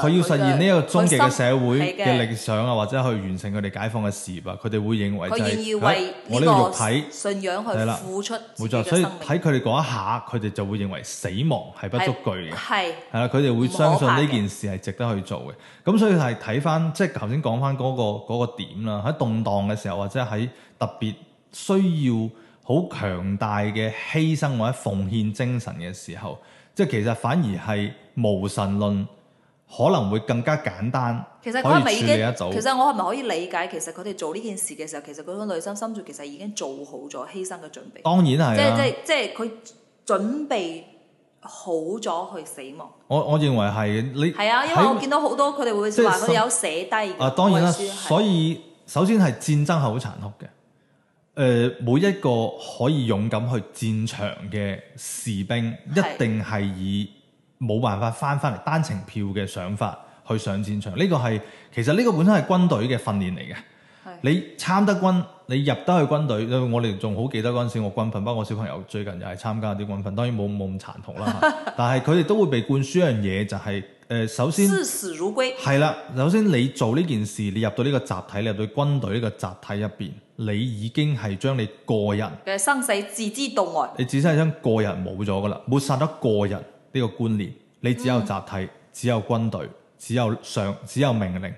[SPEAKER 2] 佢要實現呢一個終極嘅社會嘅理
[SPEAKER 1] 想啊，或者去完成佢哋解放嘅事業，佢哋會認為就係、是哎、我呢個肉體
[SPEAKER 2] 信仰去付出，冇錯。所以
[SPEAKER 1] 喺佢哋嗰一下，佢哋就會認為死亡係不足懼嘅，係係啦。佢哋會相信呢件事係值得去做嘅。咁所以係睇翻即係頭先講翻嗰個嗰、嗰個、點啦。喺動盪嘅時候，或者喺特別需要好強大嘅犧牲或者奉獻精神嘅時候，即係其實反而係無神論。可能會更加簡單，
[SPEAKER 2] 其實佢哋已經，可以處理得到。其實我係咪可以理解？其實佢哋做呢件事嘅時候，其實佢種內心深處其實已經做好咗犧牲嘅準備。當然係、啊，即係即係即係佢準備好咗去死亡。
[SPEAKER 1] 我我認為係你係啊，因為是我見
[SPEAKER 2] 到好多佢哋會話佢、就是、有寫低嘅、當然啦、啊，所
[SPEAKER 1] 以首先係戰爭係好殘酷嘅。誒、呃，每一個可以勇敢去戰場嘅士兵，一定係以。的冇辦法翻翻嚟單程票嘅想法去上戰場，呢、這個係其實呢個本身係軍隊嘅訓練嚟嘅。是你參得軍，你入得去軍隊，我哋仲好記得嗰陣時我軍訓，包括小朋友最近又係參加啲軍訓，當然冇冇咁殘酷啦。 但係佢哋都會被灌輸一樣嘢，就係、是、誒、呃、首先，視
[SPEAKER 2] 死如歸係
[SPEAKER 1] 啦。首先你做呢件事，你入到呢個集體，你入到軍隊呢個集體入邊，你已經係將你個人
[SPEAKER 2] 嘅生死置之度外。
[SPEAKER 1] 你自身係將個人冇咗噶啦，抹殺得個人。呢個觀念，你只有集體，只有軍隊，只有上，只有命令，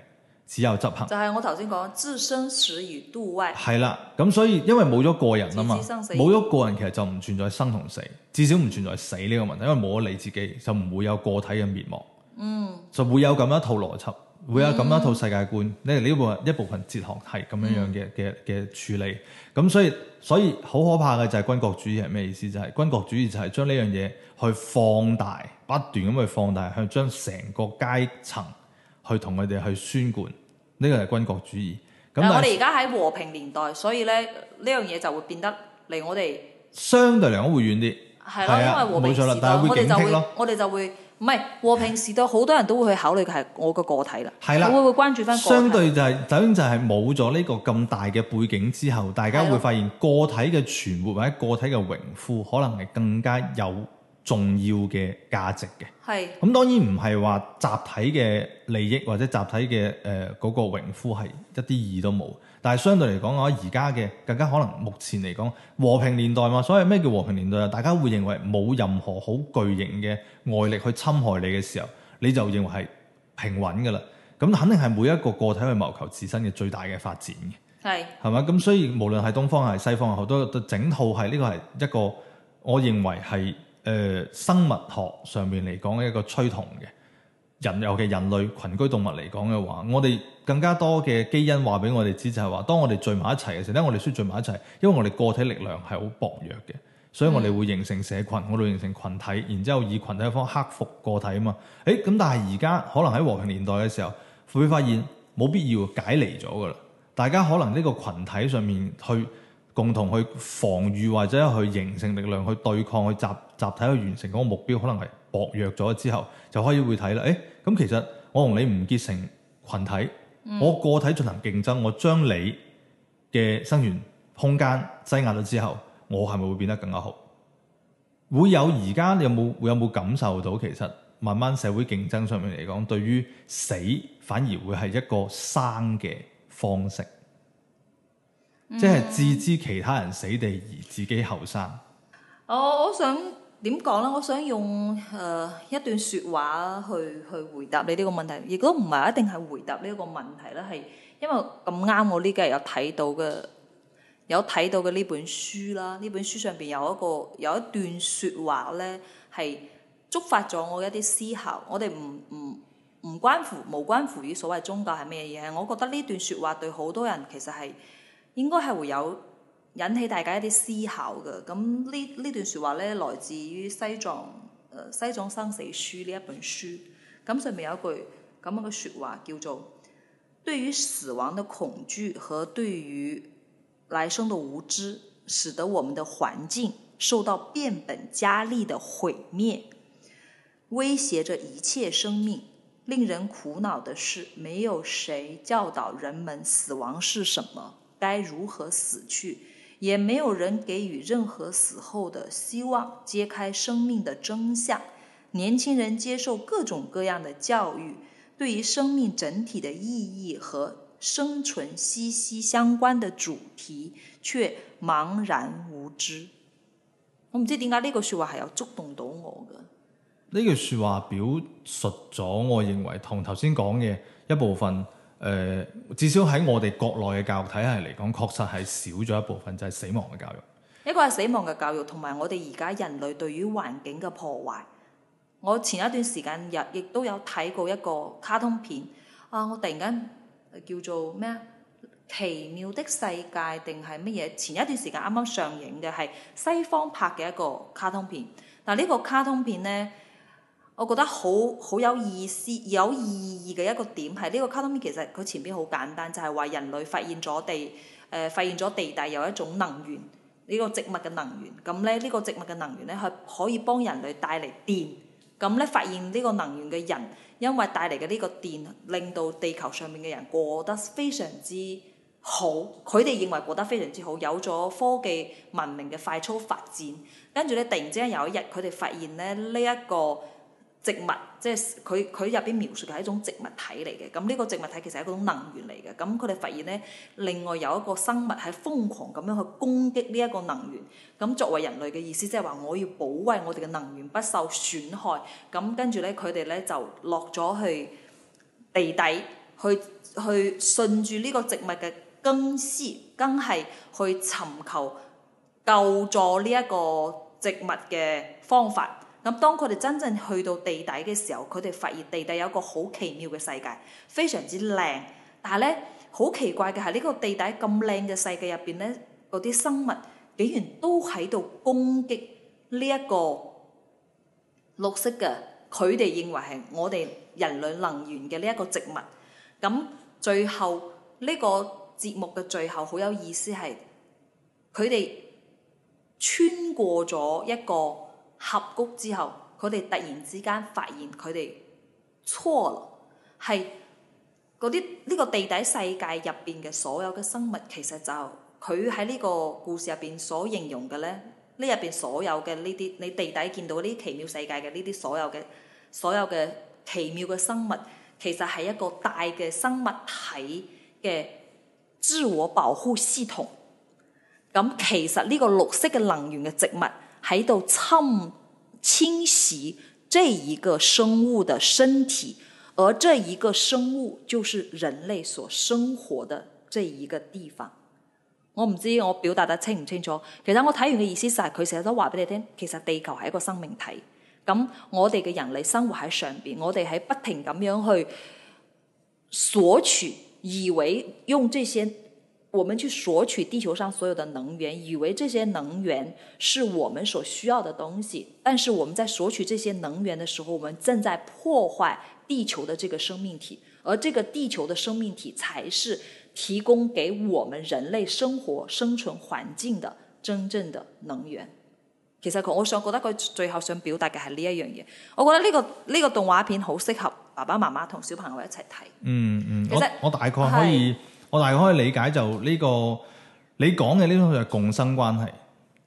[SPEAKER 1] 只有執行。就
[SPEAKER 2] 係我頭先講，自生死於度外。
[SPEAKER 1] 係啦，咁所以因為冇咗個人啊嘛，冇咗個人其實就唔存在生同死，至少唔存在死呢個問題，因為冇咗你自己，就唔會有個體嘅滅亡。嗯，就會有咁一套邏輯。會有咁一套世界觀，呢呢部一部分哲學係咁樣樣嘅嘅嘅處理，咁所以所以好可怕嘅就係軍國主義係咩意思？就係、是、軍國主義就係將呢樣嘢去放大，不斷咁去放大，向將成個階層去同佢哋去宣傳，呢、這個係軍國主義。但，但我哋而
[SPEAKER 2] 家喺和平年代，所以咧呢樣嘢、這個、就會變得離我哋
[SPEAKER 1] 相對嚟講會遠啲。係啊的，的因為和平時代錯我哋就會
[SPEAKER 2] 我哋就會。唔係和平時代，好多人都會去考慮嘅係我個個體啦。係啦的，我會會關注返。相對
[SPEAKER 1] 就係、是，首先就係冇咗呢個咁大嘅背景之後，大家會發現的個體嘅存活或者個體嘅榮枯，可能係更加有重要嘅價值嘅。係的。咁、嗯、當然唔係話集體嘅利益或者集體嘅誒嗰個榮枯係一啲意義都冇。但係相對嚟講我而家嘅更加可能，目前嚟講和平年代嘛。所謂咩叫和平年代啊？大家會認為冇任何好巨型嘅外力去侵害你嘅時候，你就認為係平穩嘅啦。咁肯定係每一個個體去謀求自身嘅最大嘅發展嘅。係係嘛？咁所以無論係東方係西方，係好多整套係呢、這個係一個，我認為係誒、呃、生物學上面嚟講嘅一個趨同嘅。人由嘅人類，人類群居動物嚟講嘅話，我哋更加多嘅基因話俾我哋知就係、是、話，當我哋聚埋一齊嘅時候咧，我哋先聚埋一齊，因為我哋個體力量係好薄弱嘅，所以我哋會形成社群，我哋形成群體，然之後以群體一方克服個體啊嘛。誒咁，但係而家可能喺和平年代嘅時候，會發現冇必要解離咗噶啦，大家可能呢個群體上面去共同去防禦或者去形成力量去對抗去集集體去完成嗰個目標，可能係薄弱咗之後。就可以會睇啦，誒、欸，咁其實我同你唔結成群體，嗯、我個體進行競爭，我將你嘅生存空間擠壓咗之後，我係咪會變得更加好？會有而家有冇會有冇感受到其實慢慢社會競爭上面嚟講，對於死反而會係一個生嘅方式，嗯、
[SPEAKER 2] 即係置
[SPEAKER 1] 之其他人死地而自己後生。
[SPEAKER 2] 我、哦、我想。點講呢？我想用誒、呃、一段説話去去回答你呢個問題，亦都唔係一定係回答呢一個問題啦。係因為咁啱，我呢幾日有睇到嘅，有睇到嘅呢本書啦。呢本書上邊有一個有一段説話呢，係觸發咗我一啲思考。我哋唔唔唔關乎無關乎於所謂宗教係咩嘢，我覺得呢段説話對好多人其實係應該係會有。引起大家一啲思考嘅。咁呢呢段説話咧，來自於西藏誒、呃《西藏生死書》呢一本書。咁上面有一句咁樣嘅説話叫做：對於死亡嘅恐懼和對於來生嘅無知，使得我們嘅環境受到變本加厲嘅毀滅，威脅着一切生命。令人苦惱的是，沒有誰教導人們死亡是什麼，該如何死去。也沒有人給予任何死後的希望，揭開生命的真相。年輕人接受各種各樣的教育，對於生命整體的意義和生存息息相關的主題，卻茫然無知。我唔知點解呢句説話係有觸動到我嘅。
[SPEAKER 1] 呢句説話表述咗，我認為同頭先講嘅一部分。誒、呃，至少喺我哋國內嘅教育體系嚟講，確實係少咗一部分就係、是、死亡嘅教育。
[SPEAKER 2] 一個係死亡嘅教育，同埋我哋而家人類對於環境嘅破壞。我前一段時間亦亦都有睇過一個卡通片啊，我突然間叫做咩啊？奇妙的世界定係乜嘢？前一段時間啱啱上映嘅係西方拍嘅一個卡通片。但呢個卡通片呢，我覺得好好有意思、有意義嘅一個點係呢個卡通片，其實佢前邊好簡單，就係話人類發現咗地，誒，發現咗地底有一種能源，呢個植物嘅能源。咁咧，呢個植物嘅能源咧係可以幫人類帶嚟電。咁咧，發現呢個能源嘅人，因為帶嚟嘅呢個電，令到地球上面嘅人過得非常之好。佢哋認為過得非常之好，有咗科技文明嘅快速發展。跟住咧，突然之間有一日，佢哋發現咧呢一個。植物即係佢佢入邊描述嘅係一種植物體嚟嘅，咁呢個植物體其實係一種能源嚟嘅。咁佢哋發現呢，另外有一個生物係瘋狂咁樣去攻擊呢一個能源。咁作為人類嘅意思，即係話我要保衛我哋嘅能源不受損害。咁跟住呢，佢哋呢就落咗去地底去去順住呢個植物嘅根絲根係去尋求救助呢一個植物嘅方法。咁當佢哋真正去到地底嘅時候，佢哋發現地底有一個好奇妙嘅世界，非常之靚。但係咧，好奇怪嘅係呢個地底咁靚嘅世界入邊咧，嗰啲生物竟然都喺度攻擊呢一個綠色嘅，佢哋認為係我哋人類能源嘅呢一個植物。咁最後呢個節目嘅最後好有意思係，佢哋穿過咗一個合谷之後，佢哋突然之間發現佢哋錯啦，係嗰啲呢個地底世界入邊嘅所有嘅生物，其實就佢喺呢個故事入邊所形容嘅呢，呢入邊所有嘅呢啲你地底見到呢啲奇妙世界嘅呢啲所有嘅所有嘅奇妙嘅生物，其實係一個大嘅生物體嘅自我保護系統。咁其實呢個綠色嘅能源嘅植物。.喺度侵侵襲這一個生物的身體，而這一個生物就是人類所生活的這一個地方。我唔知我表達得清唔清楚。其實我睇完嘅意思就係佢成日都話俾你聽，其實地球係一個生命體。咁我哋嘅人類生活喺上邊，我哋喺不停咁樣去索取，以為用這些。我們去索取地球上所有的能源，以為這些能源是我們所需要的東西，但是我們在索取這些能源的時候，我們正在破壞地球的這個生命體，而這個地球的生命體才是提供給我們人類生活生存環境的真正的能源。其實我想覺得佢最後想表達嘅係呢一樣嘢，我覺得呢個呢個動畫片好適合爸爸媽媽同小朋友一齊睇。
[SPEAKER 1] 嗯。嗯嗯，我大概可以。我大概可以理解就呢、這個你講嘅呢種就係共生關係，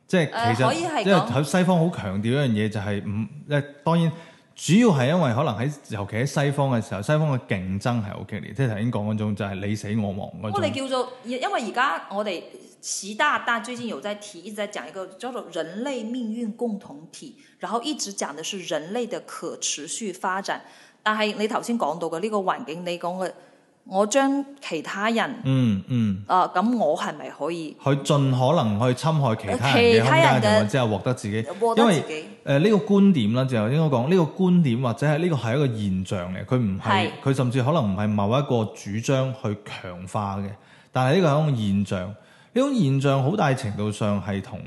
[SPEAKER 1] 即係其實因為喺西方好強調一樣嘢就係、是、唔，即、嗯呃、當然主要係因為可能喺尤其喺西方嘅時候，西方嘅競爭係好激烈，即係頭先講嗰種就係你死我亡嗰種。我哋叫
[SPEAKER 2] 做因為而家我哋習大大最近有再提，一直在講一個叫做人類命運共同體，然後一直講嘅是人類嘅可持續發展。但係你頭先講到嘅呢、這個環境，你講嘅。我將其他人
[SPEAKER 1] 嗯嗯
[SPEAKER 2] 誒，咁、啊、我係咪可以
[SPEAKER 1] 去盡可能去侵害其他人嘅空間，然之後獲得自己，自己因為誒呢、呃呢個觀點啦，就應該講呢、呢個觀點或者係呢、呢個係一個現象嘅，佢唔係佢甚至可能唔係某一個主張去強化嘅，但係呢個係一種現象。呢種現象好大程度上係同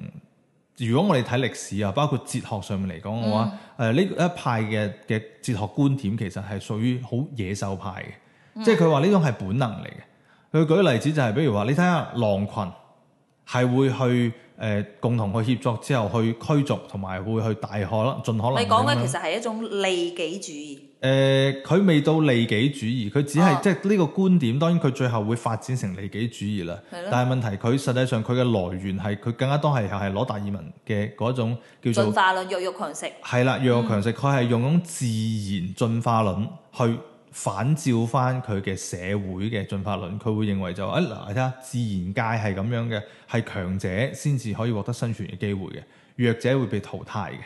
[SPEAKER 1] 如果我哋睇歷史啊，包括哲學上面嚟講嘅話，誒呢、嗯呃、一派嘅嘅哲學觀點其實係屬於好野獸派嘅。嗯、即係佢話呢種係本能嚟嘅。佢舉例子就係、是，比如話你睇下狼群係會去誒、呃、共同去協作之後去驅逐同埋會去大可啦，盡可能。你講嘅其實
[SPEAKER 2] 係一種利己主
[SPEAKER 1] 義。誒、呃，佢未到利己主義，佢只係、啊、即係呢個觀點。當然佢最後會發展成利己主義啦。的但係問題佢實際上佢嘅來源係佢更加多係係攞達爾文嘅嗰種叫做進化
[SPEAKER 2] 論弱肉強食。係
[SPEAKER 1] 啦，弱肉強食，佢係、嗯、用種自然進化論去，反照翻佢嘅社會嘅進化論，佢會認為就話、是，嗱、哎，睇下自然界係咁樣嘅，係強者先至可以獲得生存嘅機會嘅，弱者會被淘汰嘅。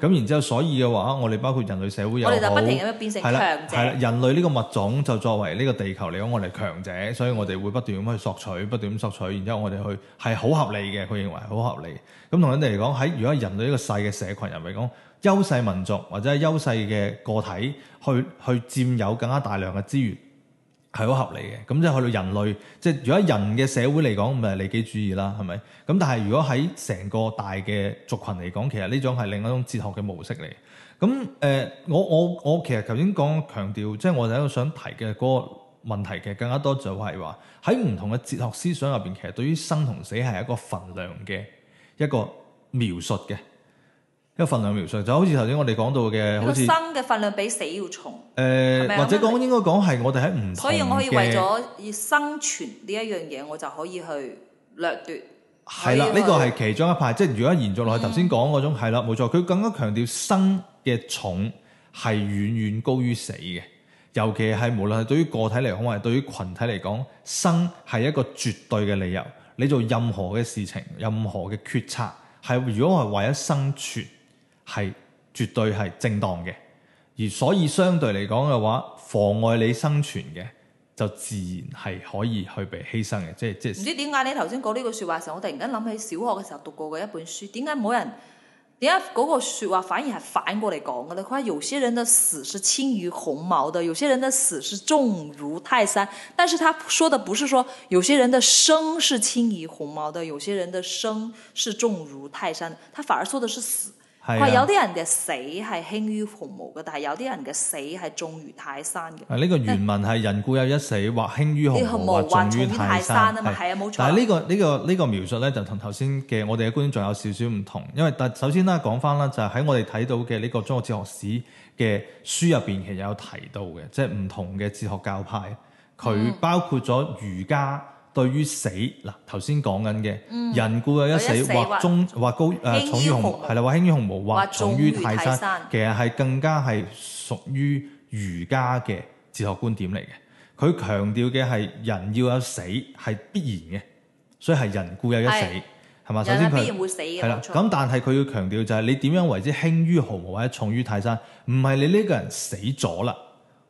[SPEAKER 1] 咁、嗯、然之後，所以嘅話，我哋包括人類社會又好，我哋就不停咁樣變成強者，係啦，係啦，人類呢個物種就作為呢個地球嚟講，我哋強者，所以我哋會不斷咁去索取，不斷咁索取，然之後我哋去係好合理嘅，佢認為好合理。咁同人哋嚟講，喺、哎、如果人類呢個細嘅社群入面講。優勢民族或者係優勢嘅個體去去佔有更加大量嘅資源係好合理嘅，咁即係去到人類，即係如果人嘅社會嚟講，唔係利己主義啦，係咪？咁但係如果喺成個大嘅族群嚟講，其實呢種係另一種哲學嘅模式嚟。咁誒，呃，我我我其實頭先講強調，即係我哋喺度想提嘅嗰個問題，其實更加多就係話喺唔同嘅哲學思想入邊，其實對於生同死係一個分量嘅一個描述嘅。一個分量描述，就好似頭先我哋講到嘅，好似生
[SPEAKER 2] 嘅分量比死要重，
[SPEAKER 1] 誒、呃，係唔係或者講，應該講係我哋喺唔同嘅，所以我可以為
[SPEAKER 2] 咗生存呢一樣嘢，我就可以去掠奪。
[SPEAKER 1] 係啦的，呢個係其中一派，即係如果延續落去頭先講嗰種，係啦，冇錯。佢更加強調生嘅重係遠遠高於死嘅，尤其係無論係對於個體嚟講，或者對於群體嚟講，生係一個絕對嘅理由。你做任何嘅事情，任何嘅決策，係如果我係為咗生存。係絕對係正當嘅，而所以相對嚟講嘅話，妨礙你生存嘅就自然係可以去被犧牲嘅，即係即係。唔知
[SPEAKER 2] 點解你頭先講呢句説話嘅時候，我突然間諗起小學嘅時候讀過嘅一本書，點解冇人？點解嗰個説話反而係反過來講嘅？我覺得佢話有些人嘅死是輕於鴻毛的，有些人嘅死是重如泰山。但是他說的不是說有些人的生是輕於鴻毛的，有些人的生是重如泰山，他反而說的是死。係，有啲人嘅死係輕於鴻毛嘅，但係有啲人嘅死係重於泰山嘅。啊，呢、這個原
[SPEAKER 1] 文係人固有一死，或輕於鴻毛，或重於泰山啊嘛，係啊，冇是錯。但係、這、呢個呢、這個呢、這個描述咧，就同頭先嘅我哋嘅觀點仲有少少唔同，因為但首先啦、啊，講翻啦，就喺、是、我哋睇到嘅呢個中國哲學史嘅書入邊，其實有提到嘅，即係唔同嘅哲學教派，佢包括咗儒家。嗯對於死嗱，頭先講緊嘅人固有一死，死或，或中或高誒重於鴻，係啦，或輕於鴻毛，於或重於泰山。其實係更加係屬於儒家嘅哲學觀點嚟嘅。佢強調嘅係人要有死係必然嘅，所以係人固有一死，係嘛是？首先佢係啦。咁但係佢要強調就係你點樣為之輕於鴻毛或者重於泰山？唔係你呢個人死咗啦。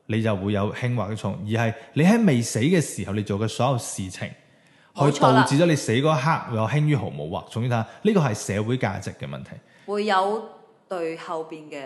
[SPEAKER 1] 你就會有輕或嘅重，而係你喺未死嘅時候，你做嘅所有事情，去導致咗你死嗰一刻有輕於，有輕於毫毛或重於，睇下呢個係社會價值嘅問題，
[SPEAKER 2] 會有對後邊嘅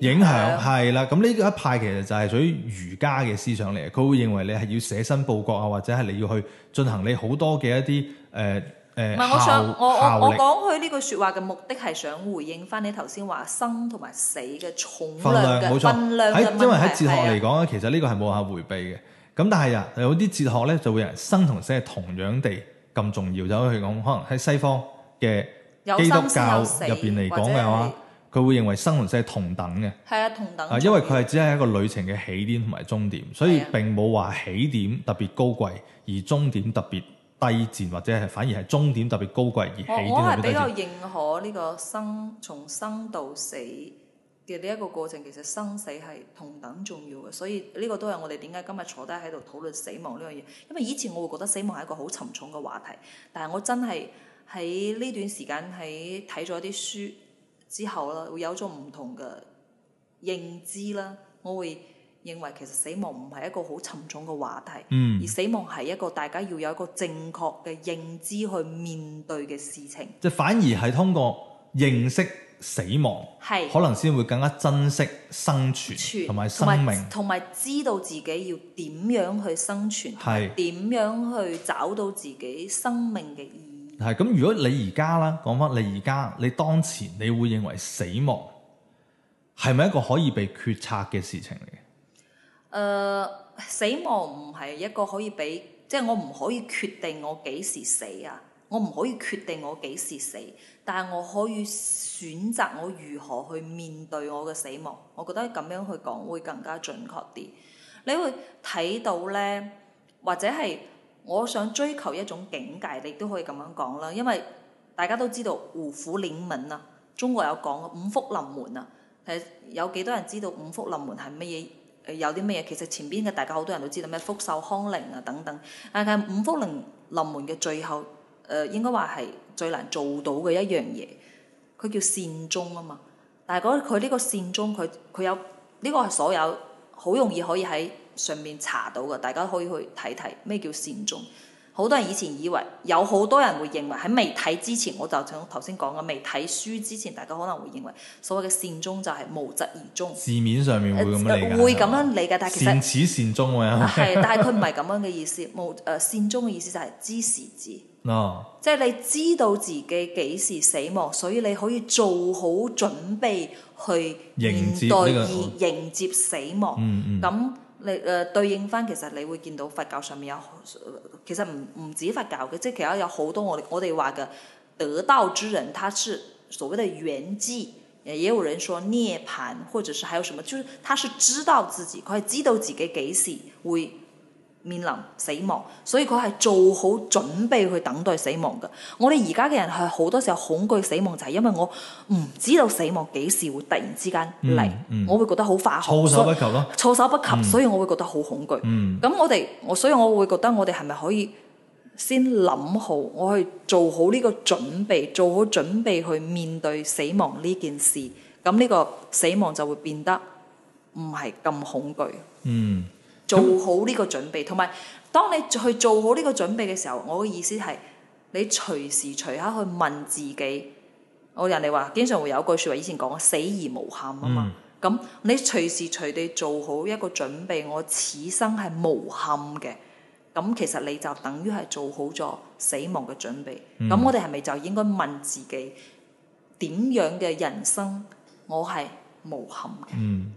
[SPEAKER 2] 影響係
[SPEAKER 1] 啦。咁呢個一派其實就係屬於儒家嘅思想嚟，佢會認為你係要捨身報國啊，或者係你要去進行你好多嘅一啲誒。呃唔係，我想我我我講
[SPEAKER 2] 佢呢句説話嘅目的係想回應翻你頭先話生同埋死嘅重量嘅分量嘅問題。喺因為喺哲學嚟
[SPEAKER 1] 講咧，的其實呢個係冇辦法迴避嘅。咁但係啊，有啲哲學咧就會有人生同死係同樣地咁重要。就可以講，可能喺西方嘅
[SPEAKER 3] 基督教入邊嚟講嘅話，
[SPEAKER 1] 佢者會認為生同死係同等嘅。
[SPEAKER 2] 係啊，同等。啊，因為佢
[SPEAKER 1] 係只係一個旅程嘅起點同埋終點，所以並冇話起點特別高貴，而終點特別，低，或者係反而係終點特別高貴，而我我係比較認
[SPEAKER 2] 可呢個生從生到死嘅呢一個過程，其實生死係同等重要嘅。所以呢個都係我哋點解今日坐低喺度討論死亡呢樣嘢。因為以前我會覺得死亡係一個好沉重嘅話題，但係我真係喺呢段時間喺睇咗啲書之後啦，會有咗唔同嘅認知啦，我會。認為其實死亡唔係一個好沉重嘅話題，嗯、而死亡係一個大家要有一個正確嘅認知去面對嘅事情。
[SPEAKER 1] 即反而係通過認識死亡，係可能先會更加珍惜生存同埋存生命，
[SPEAKER 2] 同埋知道自己要點樣去生存，點係樣去找到自己生命嘅意
[SPEAKER 1] 義。係咁，如果你而家啦，講翻你而家你當前，你會認為死亡係咪一個可以被決策嘅事情嚟？
[SPEAKER 2] 誒、呃，死亡唔係一個可以俾，即係我唔可以決定我幾時死啊。我唔可以決定我幾時死，但係我可以選擇我如何去面對我嘅死亡。我覺得咁樣去講會更加準確啲。你會睇到呢，或者係我想追求一種境界，你都可以咁樣講啦。因為大家都知道五福臨門啊，中國有講五福臨門啊，係有幾多人知道五福臨門係乜嘢？有啲咩嘢？其實前邊嘅大家好多人都知道咩福壽康寧啊等等，但係五福臨臨門嘅最後，誒、呃、應該話係最難做到嘅一樣嘢，佢叫善終啊嘛。但係佢呢個善終，佢佢有呢、這個係所有好容易可以喺上面查到嘅，大家可以去睇睇咩叫善終。好多人以前以為有好多人會認為喺未睇之前，我就想頭先講嘅，未睇書之前，大家可能會認為所謂嘅善終就係無疾而終。字
[SPEAKER 1] 面上面會咁樣理解。咁、呃、咁樣
[SPEAKER 2] 理解，但係其實善
[SPEAKER 1] 始善終啊。 係，但係佢
[SPEAKER 2] 唔係咁樣嘅意思。無誒善終嘅意思就係知時至，
[SPEAKER 1] 哦、
[SPEAKER 2] 即係你知道自己幾時死亡，所以你可以做好準備去面對迎接而迎接死亡。咁、嗯。嗯嗯。你誒、呃、對應翻，其實你會見到佛教上面有，其實唔唔止佛教嘅，即係其實有好多我哋我哋話嘅得道之人，他是所謂的圓寂，也有人說涅槃，或者是還有什麼，就是他是知道自己佢係知道自己幾幾時，會。面臨死亡，所以佢係做好準備去等待死亡嘅。我哋而家嘅人係好多時候恐懼死亡，就係、是、因為我唔知道死亡幾時會突然之間嚟，嗯嗯、我會覺得好化學措手不及咯，措手不及，所以我會覺得好恐懼。咁、嗯、我哋我所以我會覺得我哋係咪可以先諗好，我去做好呢個準備，做好準備去面對死亡呢件事，咁呢個死亡就會變得唔係咁恐懼。嗯。
[SPEAKER 3] 做好
[SPEAKER 2] 呢個準備，同埋當你去做好呢個準備嘅時候，我嘅意思係你隨時隨刻去問自己。我人哋話經常會有句説話，以前講死而無憾啊嘛。咁、嗯嗯、你隨時隨地做好一個準備，我此生係無憾嘅。咁其實你就等於係做好咗死亡嘅準備。咁、嗯、我哋係咪就應該問自己點樣嘅人生我係無憾嘅？
[SPEAKER 1] 嗯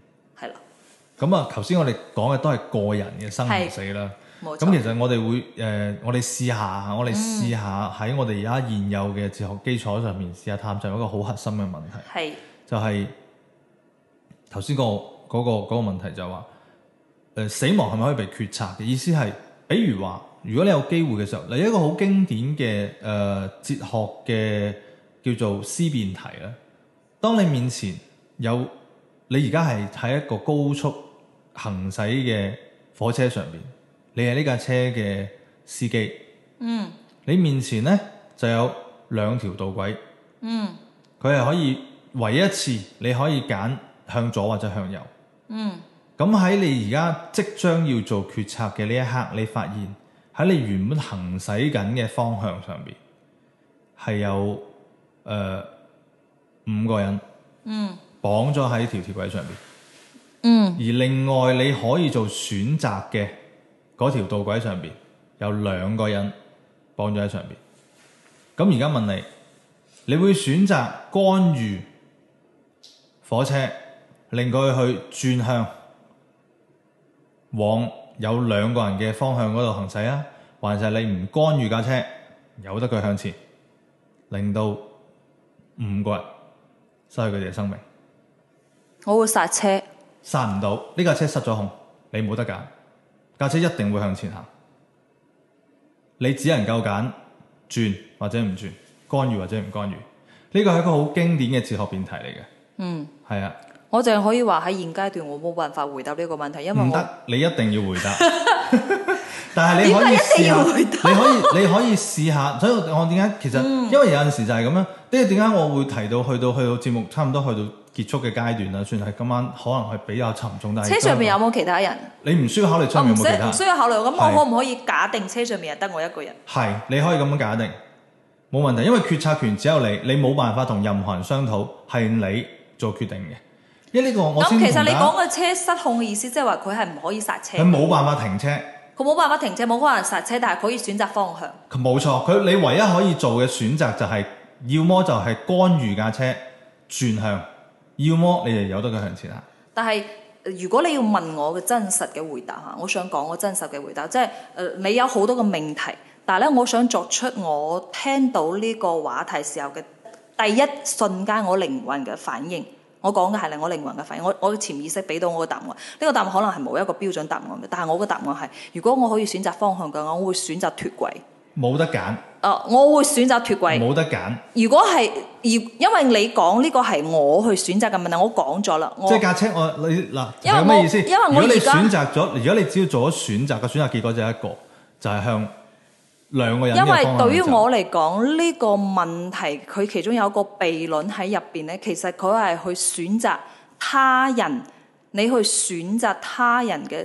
[SPEAKER 1] 咁啊，頭先我哋講嘅都係個人嘅生與死啦。
[SPEAKER 2] 咁其實
[SPEAKER 1] 我哋會誒、呃，我哋試下，我哋試下喺、嗯、我哋而家現有嘅哲學基礎上面試下探尋一個好核心嘅問題。係是，就係頭先個嗰、那個嗰、那個問題就係話、是呃，死亡係咪可以被決策，嘅意思係，比如話，如果你有機會嘅時候，你一個好經典嘅誒、呃、哲學嘅叫做思辨題啦。當你面前有你而家係喺一個高速行駛嘅火車上面，你係呢架車嘅司機。嗯，你面前呢就有兩條道軌。嗯，佢係可以唯一次你可以揀向左或者向右。
[SPEAKER 3] 嗯，
[SPEAKER 1] 咁喺你而家即將要做決策嘅呢一刻，你發現喺你原本行駛緊嘅方向上面，係有誒、呃、五個人。嗯，綁咗喺條鐵軌上面。嗯嗯，而另外你可以做選擇嘅嗰條導軌上邊有兩個人綁咗喺上邊，咁而家問你，你會選擇干預火車令佢去轉向往有兩個人嘅方向嗰度行駛啊，還是你唔干預架車，由得佢向前，令到五個人失去佢哋嘅生命？
[SPEAKER 2] 我會剎車。
[SPEAKER 1] 剎唔到，呢架車失咗控，你冇得揀，架車一定會向前行。你只能夠揀轉或者唔轉，干預或者唔干預。呢、呢個係一個好經典嘅哲學辯題嚟嘅。
[SPEAKER 3] 嗯，
[SPEAKER 1] 係啊，
[SPEAKER 2] 我淨係可以話喺現階段我冇辦法回答呢個問題，因為唔得行，
[SPEAKER 1] 我你一定要回答。 但係你可以試下，你可以你可以試下。所以我我點解其實、嗯、因為有陣時就係咁樣。即係點解我會提到去到去到，去到節目差唔多去到。結束嘅階段啦，算係今晚可能係比較沉重。但係車上面
[SPEAKER 2] 有冇其他人？
[SPEAKER 1] 你唔需要考慮車上面有冇其他人。唔需要考慮咁，係。我可唔可
[SPEAKER 2] 以假定車上面係得我一個人？
[SPEAKER 1] 係，你可以咁樣假定冇問題，因為決策權只有你，你冇辦法同任何人商討，係你做決定嘅。因為呢個我先唔明。咁其實佢你講
[SPEAKER 2] 嘅車失控嘅意思，即係話佢係唔可以剎車，佢冇辦法停車，佢冇辦法停車，冇可能剎車，但係佢可以選擇方向。
[SPEAKER 1] 佢冇錯，佢你唯一可以做嘅選擇就係、是，要麼就係干預架車轉向。要麼你係由得佢向前啦，
[SPEAKER 2] 但係如果你要問我嘅真實嘅回答嚇，我想講我真實嘅回答，即係誒、呃、你有好多個命題，但係咧，我想作出我聽到呢個話題時候嘅第一瞬間我靈魂嘅反應，我講嘅係咧我靈魂嘅反應，我我潛意識俾到我嘅答案，呢、這個答案可能係冇一個標準答案嘅，但係我嘅答案係，如果我可以選擇方向嘅話，我會選擇脱軌。冇得揀。哦，我會選擇脫
[SPEAKER 1] 軌。冇得揀。
[SPEAKER 2] 如果係，如因為你講呢個係我去選擇嘅問題，我講咗啦。即係架
[SPEAKER 1] 車，我你嗱，係咩意思因？因為我如果你選擇咗，如果你只要做咗選擇嘅選擇結果就係一個，就係、是、向兩個人個、就是。因為對於我
[SPEAKER 2] 嚟講，呢、這個問題佢其中有一個悖論喺入邊咧，其實佢係去選擇他人，你去選擇他人嘅誒、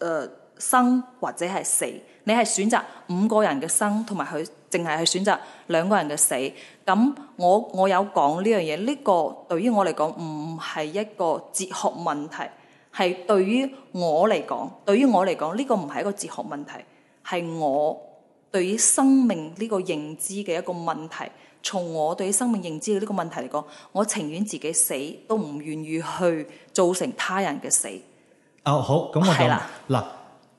[SPEAKER 2] 呃、生或者係死。你係選擇五個人嘅生，同埋佢淨係去選擇兩個人嘅死。咁我我有講呢樣嘢，呢個對於我嚟講唔係一個哲學問題，係對於我嚟講，對於我嚟講呢個唔係一個哲學問題，係我對於生命呢個認知嘅一個問題。從我對於生命認知嘅呢個問題嚟講，我情願自己死，都唔願意去造成他人嘅死。
[SPEAKER 1] 哦，好，咁我等嗱。啦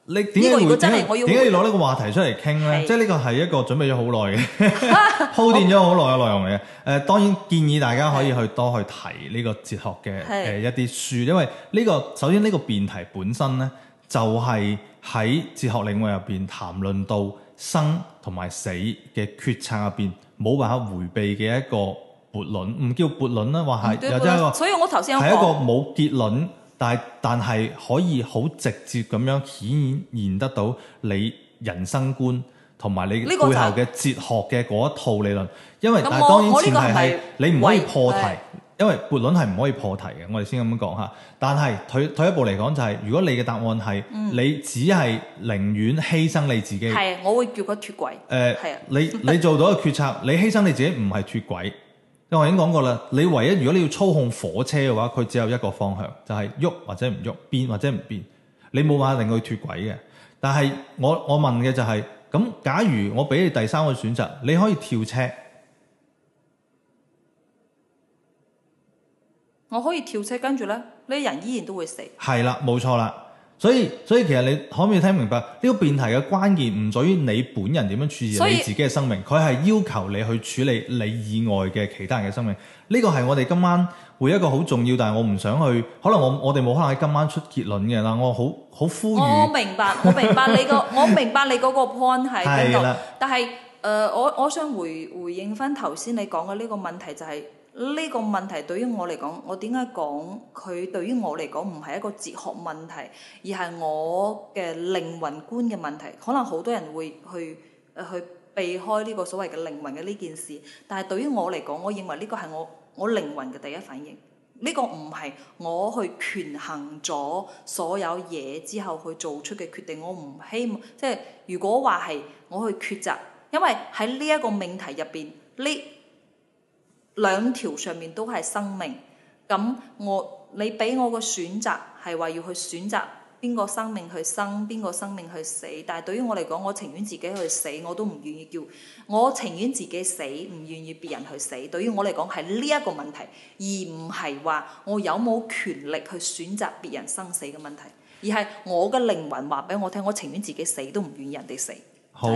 [SPEAKER 1] 你點解要點解要攞呢個話題出嚟傾咧？即係呢個係一個準備咗好耐嘅鋪墊咗好耐嘅內容嚟嘅。誒 Okay、呃，當然建議大家可以去多去睇呢個哲學嘅誒是、呃、一啲書，因為呢、呢個首先呢個辯題本身咧，就係、是、喺哲學領域入邊談論到生同埋死嘅決策入邊，冇辦法迴避嘅一個悖論，唔叫悖論啦，不不或係又一個，所以我頭先係一個冇結論。但係但係可以好直接咁樣顯現得到你人生觀同埋你背後嘅哲學嘅嗰一套理論，因為麼但係當然前提係你唔可以破題，因為撥輪係唔可以破題嘅，我哋先咁講下。但係退退一步嚟講就係、是，如果你嘅答案係、嗯、你只係寧願犧牲你自己，係
[SPEAKER 2] 我會叫佢脱軌。誒、呃，
[SPEAKER 1] 的你 你做到嘅決策，你犧牲你自己唔係脱軌。因為我已經講過啦，你唯一如果你要操控火車嘅話，佢只有一個方向，就係、是、喐或者唔喐，變或者唔變。你冇辦法令佢脱軌嘅。但係我我問嘅就係、是，咁假如我俾你第三個選擇，你可以跳車，
[SPEAKER 2] 我可以跳車，跟住咧呢，你啲人依然都會死。
[SPEAKER 1] 係啦，冇錯啦。所以所以其實你可唔可以聽明白呢、呢個辯題嘅關鍵唔在於你本人點樣處置你自己嘅生命，佢係以要求你去處理你以外嘅其他人嘅生命。呢個係我哋今晚會一個好重要，但係我唔想去，可能我我哋冇可能喺今晚出結論嘅啦。我好好呼籲。我
[SPEAKER 2] 明白，我明白你個， 我明白你嗰 point 喺邊度。的但係誒、呃，我我想回回應翻頭先你講嘅呢個問題就係、是。呢個問題對於我嚟講，我點解講佢對於我嚟講唔係一個哲學問題，而係我嘅靈魂觀嘅問題。可能好多人會去、呃、去避開呢個所謂嘅靈魂嘅呢件事，但係對於我嚟講，我認為呢個係我我靈魂嘅第一反應。呢個唔係我去權衡咗所有嘢之後去做出嘅決定。我唔希望即係如果話係我去抉擇，因為喺呢一個命題入邊呢？兩條上面都係生命，咁我，你俾我個選擇係話要去選擇邊個生命去生，邊個生命去死。但係對於我嚟講，我情願自己去死，我都唔願意，叫我情願自己死，唔願意別人去死。對於我嚟講係呢一個問題，而唔係話我有冇權力去選擇別人生死嘅問題，而係我嘅靈魂話俾我聽，我情願自己死都唔願意人哋死。
[SPEAKER 1] 好。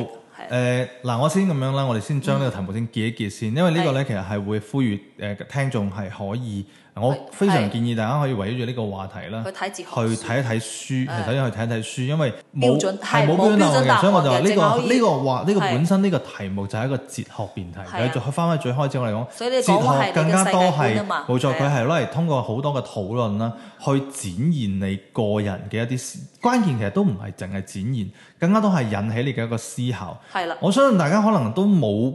[SPEAKER 1] 誒嗱，我先咁樣啦，我哋先將呢個題目先結一結先，因為呢個咧其實係會呼籲誒聽眾係可以，我非常建議大家可以圍繞住呢個話題啦，去睇一睇書，其實去睇一睇書，因為冇準係冇標準嘅，所以我就話呢個呢個話呢個本身呢個題目就係一個哲學辯題。有再返返最開始我嚟講，哲學更加多係冇錯，佢係攞嚟通過好多嘅討論啦，去展現你個人嘅一啲事，關鍵其實都唔係淨係展現，更加多係引起你嘅一個思考。係啦，我相信大家可能都冇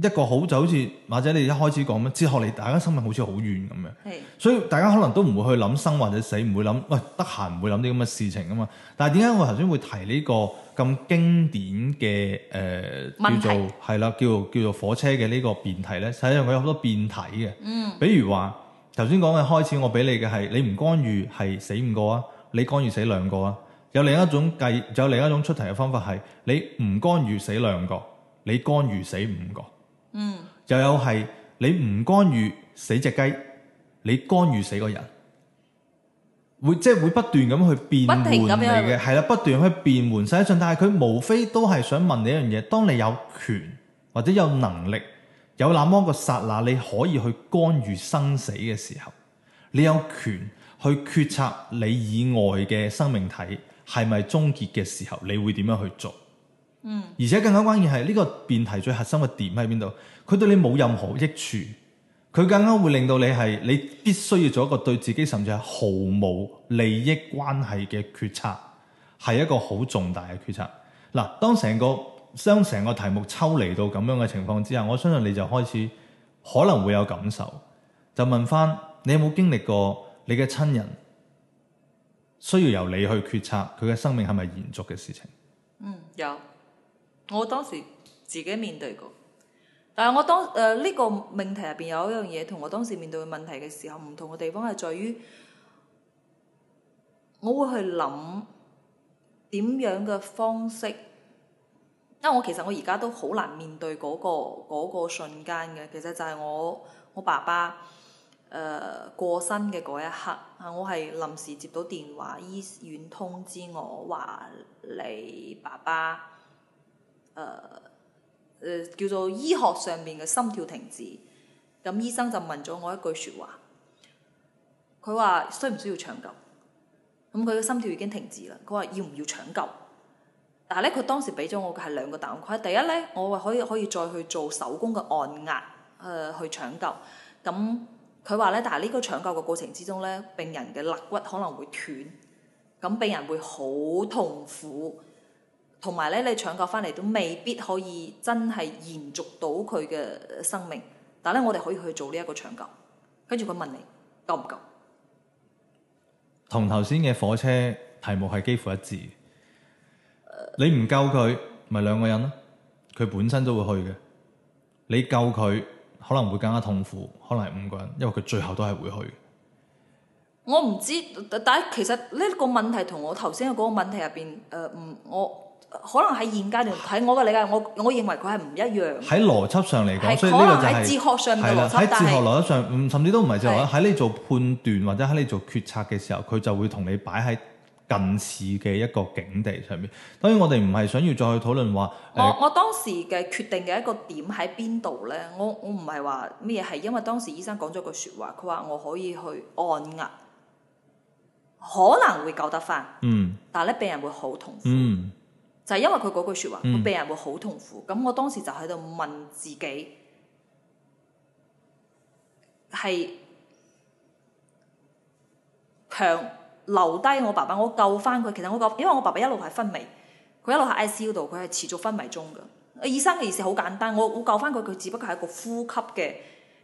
[SPEAKER 1] 一個好就好似，或者你一開始講咩哲學，你大家生命好似好遠咁樣，係所以大家可能都唔會去諗生或者死，唔會諗喂、哎、得閒唔會諗啲咁嘅事情啊嘛。但係點解我頭先會提呢個咁經典嘅誒、呃、叫做係啦問題，叫叫做火車嘅呢個辯題咧？實際上佢有好多變體嘅，嗯，比如話頭先講嘅開始我，我俾你嘅係你唔干預係死五個啊，你干預死兩個啊。有另一種計，有另一種出題嘅方法係你唔干預死兩個，你干預死五個。嗯，又有係你唔干預死隻雞，你干預死個人，會即係會不斷咁去變換嚟嘅，係啦，不斷去變換。實際上，但係佢無非都係想問你一樣嘢，當你有權或者有能力有那麼個剎那，你可以去干預生死嘅時候，你有權去決策你以外嘅生命體。係咪終結嘅時候？你會點樣去做？嗯，而且更加關鍵係呢個辯題最核心嘅點喺邊度？佢對你冇任何益處，佢更加會令到你係你必須要做一個對自己甚至係毫無利益關係嘅決策，係一個好重大嘅決策。嗱，啊，當成個將成個題目抽離到咁樣嘅情況之下，我相信你就開始可能會有感受。就問翻你有冇經歷過你嘅親人？需要由你去決策，佢嘅生命係咪延續嘅事情？
[SPEAKER 2] 嗯，有，我當時自己面對過。但係我當誒呢個命題入邊有一樣嘢，同我當時面對嘅問題嘅時候唔同嘅地方係在於，我會去諗點樣嘅方式。因為我其實我而家都好難面對嗰個嗰個瞬間嘅，其實就係我我爸爸。誒、呃、過身嘅嗰一刻，啊，我係臨時接到電話，醫院通知我話你爸爸誒誒、呃呃、叫做醫學上面嘅心跳停止。咁、嗯、醫生就問咗我一句說話，佢話需唔需要搶救？咁佢嘅心跳已經停止啦。佢話要唔要搶救？但係咧，佢當時俾咗我嘅係兩個膽囊。第一咧，我話可以可以再去做手工嘅按壓，誒、呃、去搶救。咁、嗯佢話咧，但係呢個搶救嘅過程之中咧，病人嘅肋骨可能會斷，咁病人會好痛苦，同埋咧你搶救翻嚟都未必可以真係延續到佢嘅生命。但係咧我哋可以去做呢一個搶救。跟住佢問你夠唔夠？
[SPEAKER 1] 同頭先嘅火車題目係幾乎一致。呃、你唔救佢咪兩個人咯，佢本身都會去嘅。你救佢。可能會更加痛苦，可能係五個人，因為佢最後都係會去。
[SPEAKER 2] 我唔知，但係其實呢個問題同我頭先嘅嗰個問題入邊，誒，唔，我可能喺現階段喺、啊、我嘅理解，我我認為佢係唔一樣。喺
[SPEAKER 1] 邏輯上嚟講，是所以呢個可能就係哲學上係啦。喺哲學，哲學邏輯上，是甚至都唔係哲學，喺你做判斷或者喺你做決策嘅時候，佢就會同你擺喺。近視嘅一個境地上面，當然我哋唔係想要再去討論話。呃、我
[SPEAKER 2] 我當時嘅決定嘅一個點喺邊度呢？我我唔係話咩，係因為當時醫生講咗句説話，佢話我可以去按壓，可能會救得翻。嗯。但係咧，病人會好痛苦。嗯、就係因為佢嗰句説話，個病人會好痛苦。咁、嗯、我當時就喺度問自己，係強。留低我爸爸，我救翻佢。其實我救，因為我爸爸一路係昏迷，佢一路喺 ICU 度，佢係持續昏迷中嘅。醫生嘅意思好簡單，我我救翻佢，佢只不過係一個呼吸嘅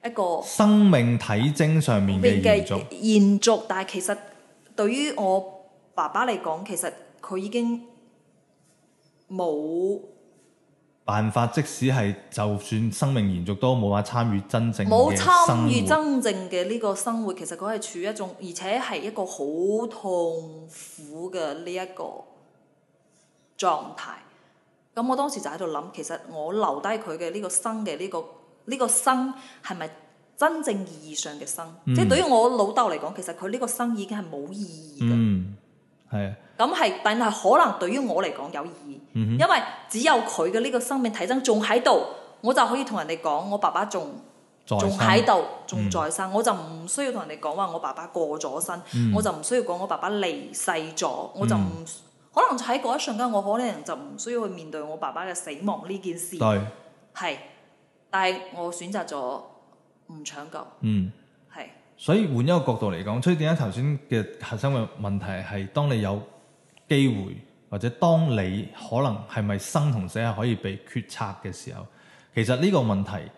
[SPEAKER 2] 一個
[SPEAKER 1] 生命體徵上面嘅延續
[SPEAKER 2] 延續。但係其實對於我爸爸嚟講，其實佢已經冇。
[SPEAKER 1] 辦法，即使係就算生命延續都冇話參與真正冇參與真
[SPEAKER 2] 正嘅呢個生活，其實佢係處於一種，而且係一個好痛苦嘅呢一個狀態。咁我當時就喺度諗，其實我留低佢嘅呢個生嘅呢、這個呢、這個生係咪真正意義上嘅生？即係、嗯、對於我老豆嚟講，其實佢呢個生已經係冇意義嘅。嗯係，咁是但係可能對於我嚟講有意義。嗯、哼因為只有佢嘅呢個生命體徵仲喺度，我就可以同人哋講我爸爸仲仲喺度，仲在生，我就唔需要同人哋講話我爸爸過咗身，嗯、我就唔需要講我爸爸離世咗，我就唔、嗯、可能喺嗰一瞬間，我可能就唔需要去面對我爸爸嘅死亡呢件事，係對，但係我選擇咗唔搶救。嗯
[SPEAKER 1] 所以換一個角度嚟講，所以點解頭先嘅核心嘅問題係當你有機會，或者當你可能係咪生同死係可以被決策嘅時候，其實呢個問題，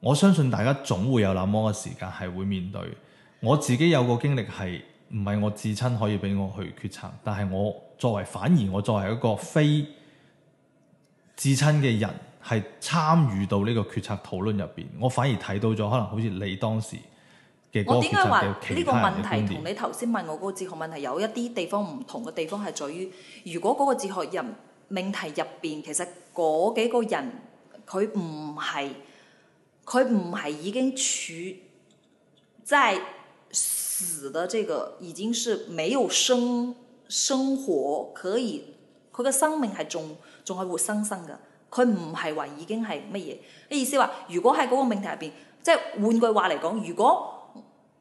[SPEAKER 1] 我相信大家總會有那麼嘅時間係會面對。我自己有個經歷係唔係我至親可以俾我去決策，但係我作為反而我作為一個非至親嘅人，係參與到呢個決策討論入邊，我反而睇到咗可能好似你當時。我點解話呢個問題同你
[SPEAKER 2] 頭先問我嗰個哲學問題有一啲地方唔同嘅地方係在於，如果嗰個哲學入命題入邊，其實嗰幾個人佢唔係佢唔係已經處即係死的這個，已經是沒有生生活可以佢嘅生命係仲仲係活生生嘅，佢唔係話已經係乜嘢？你意思話，如果喺嗰個命題入邊，即係換句話嚟講，如果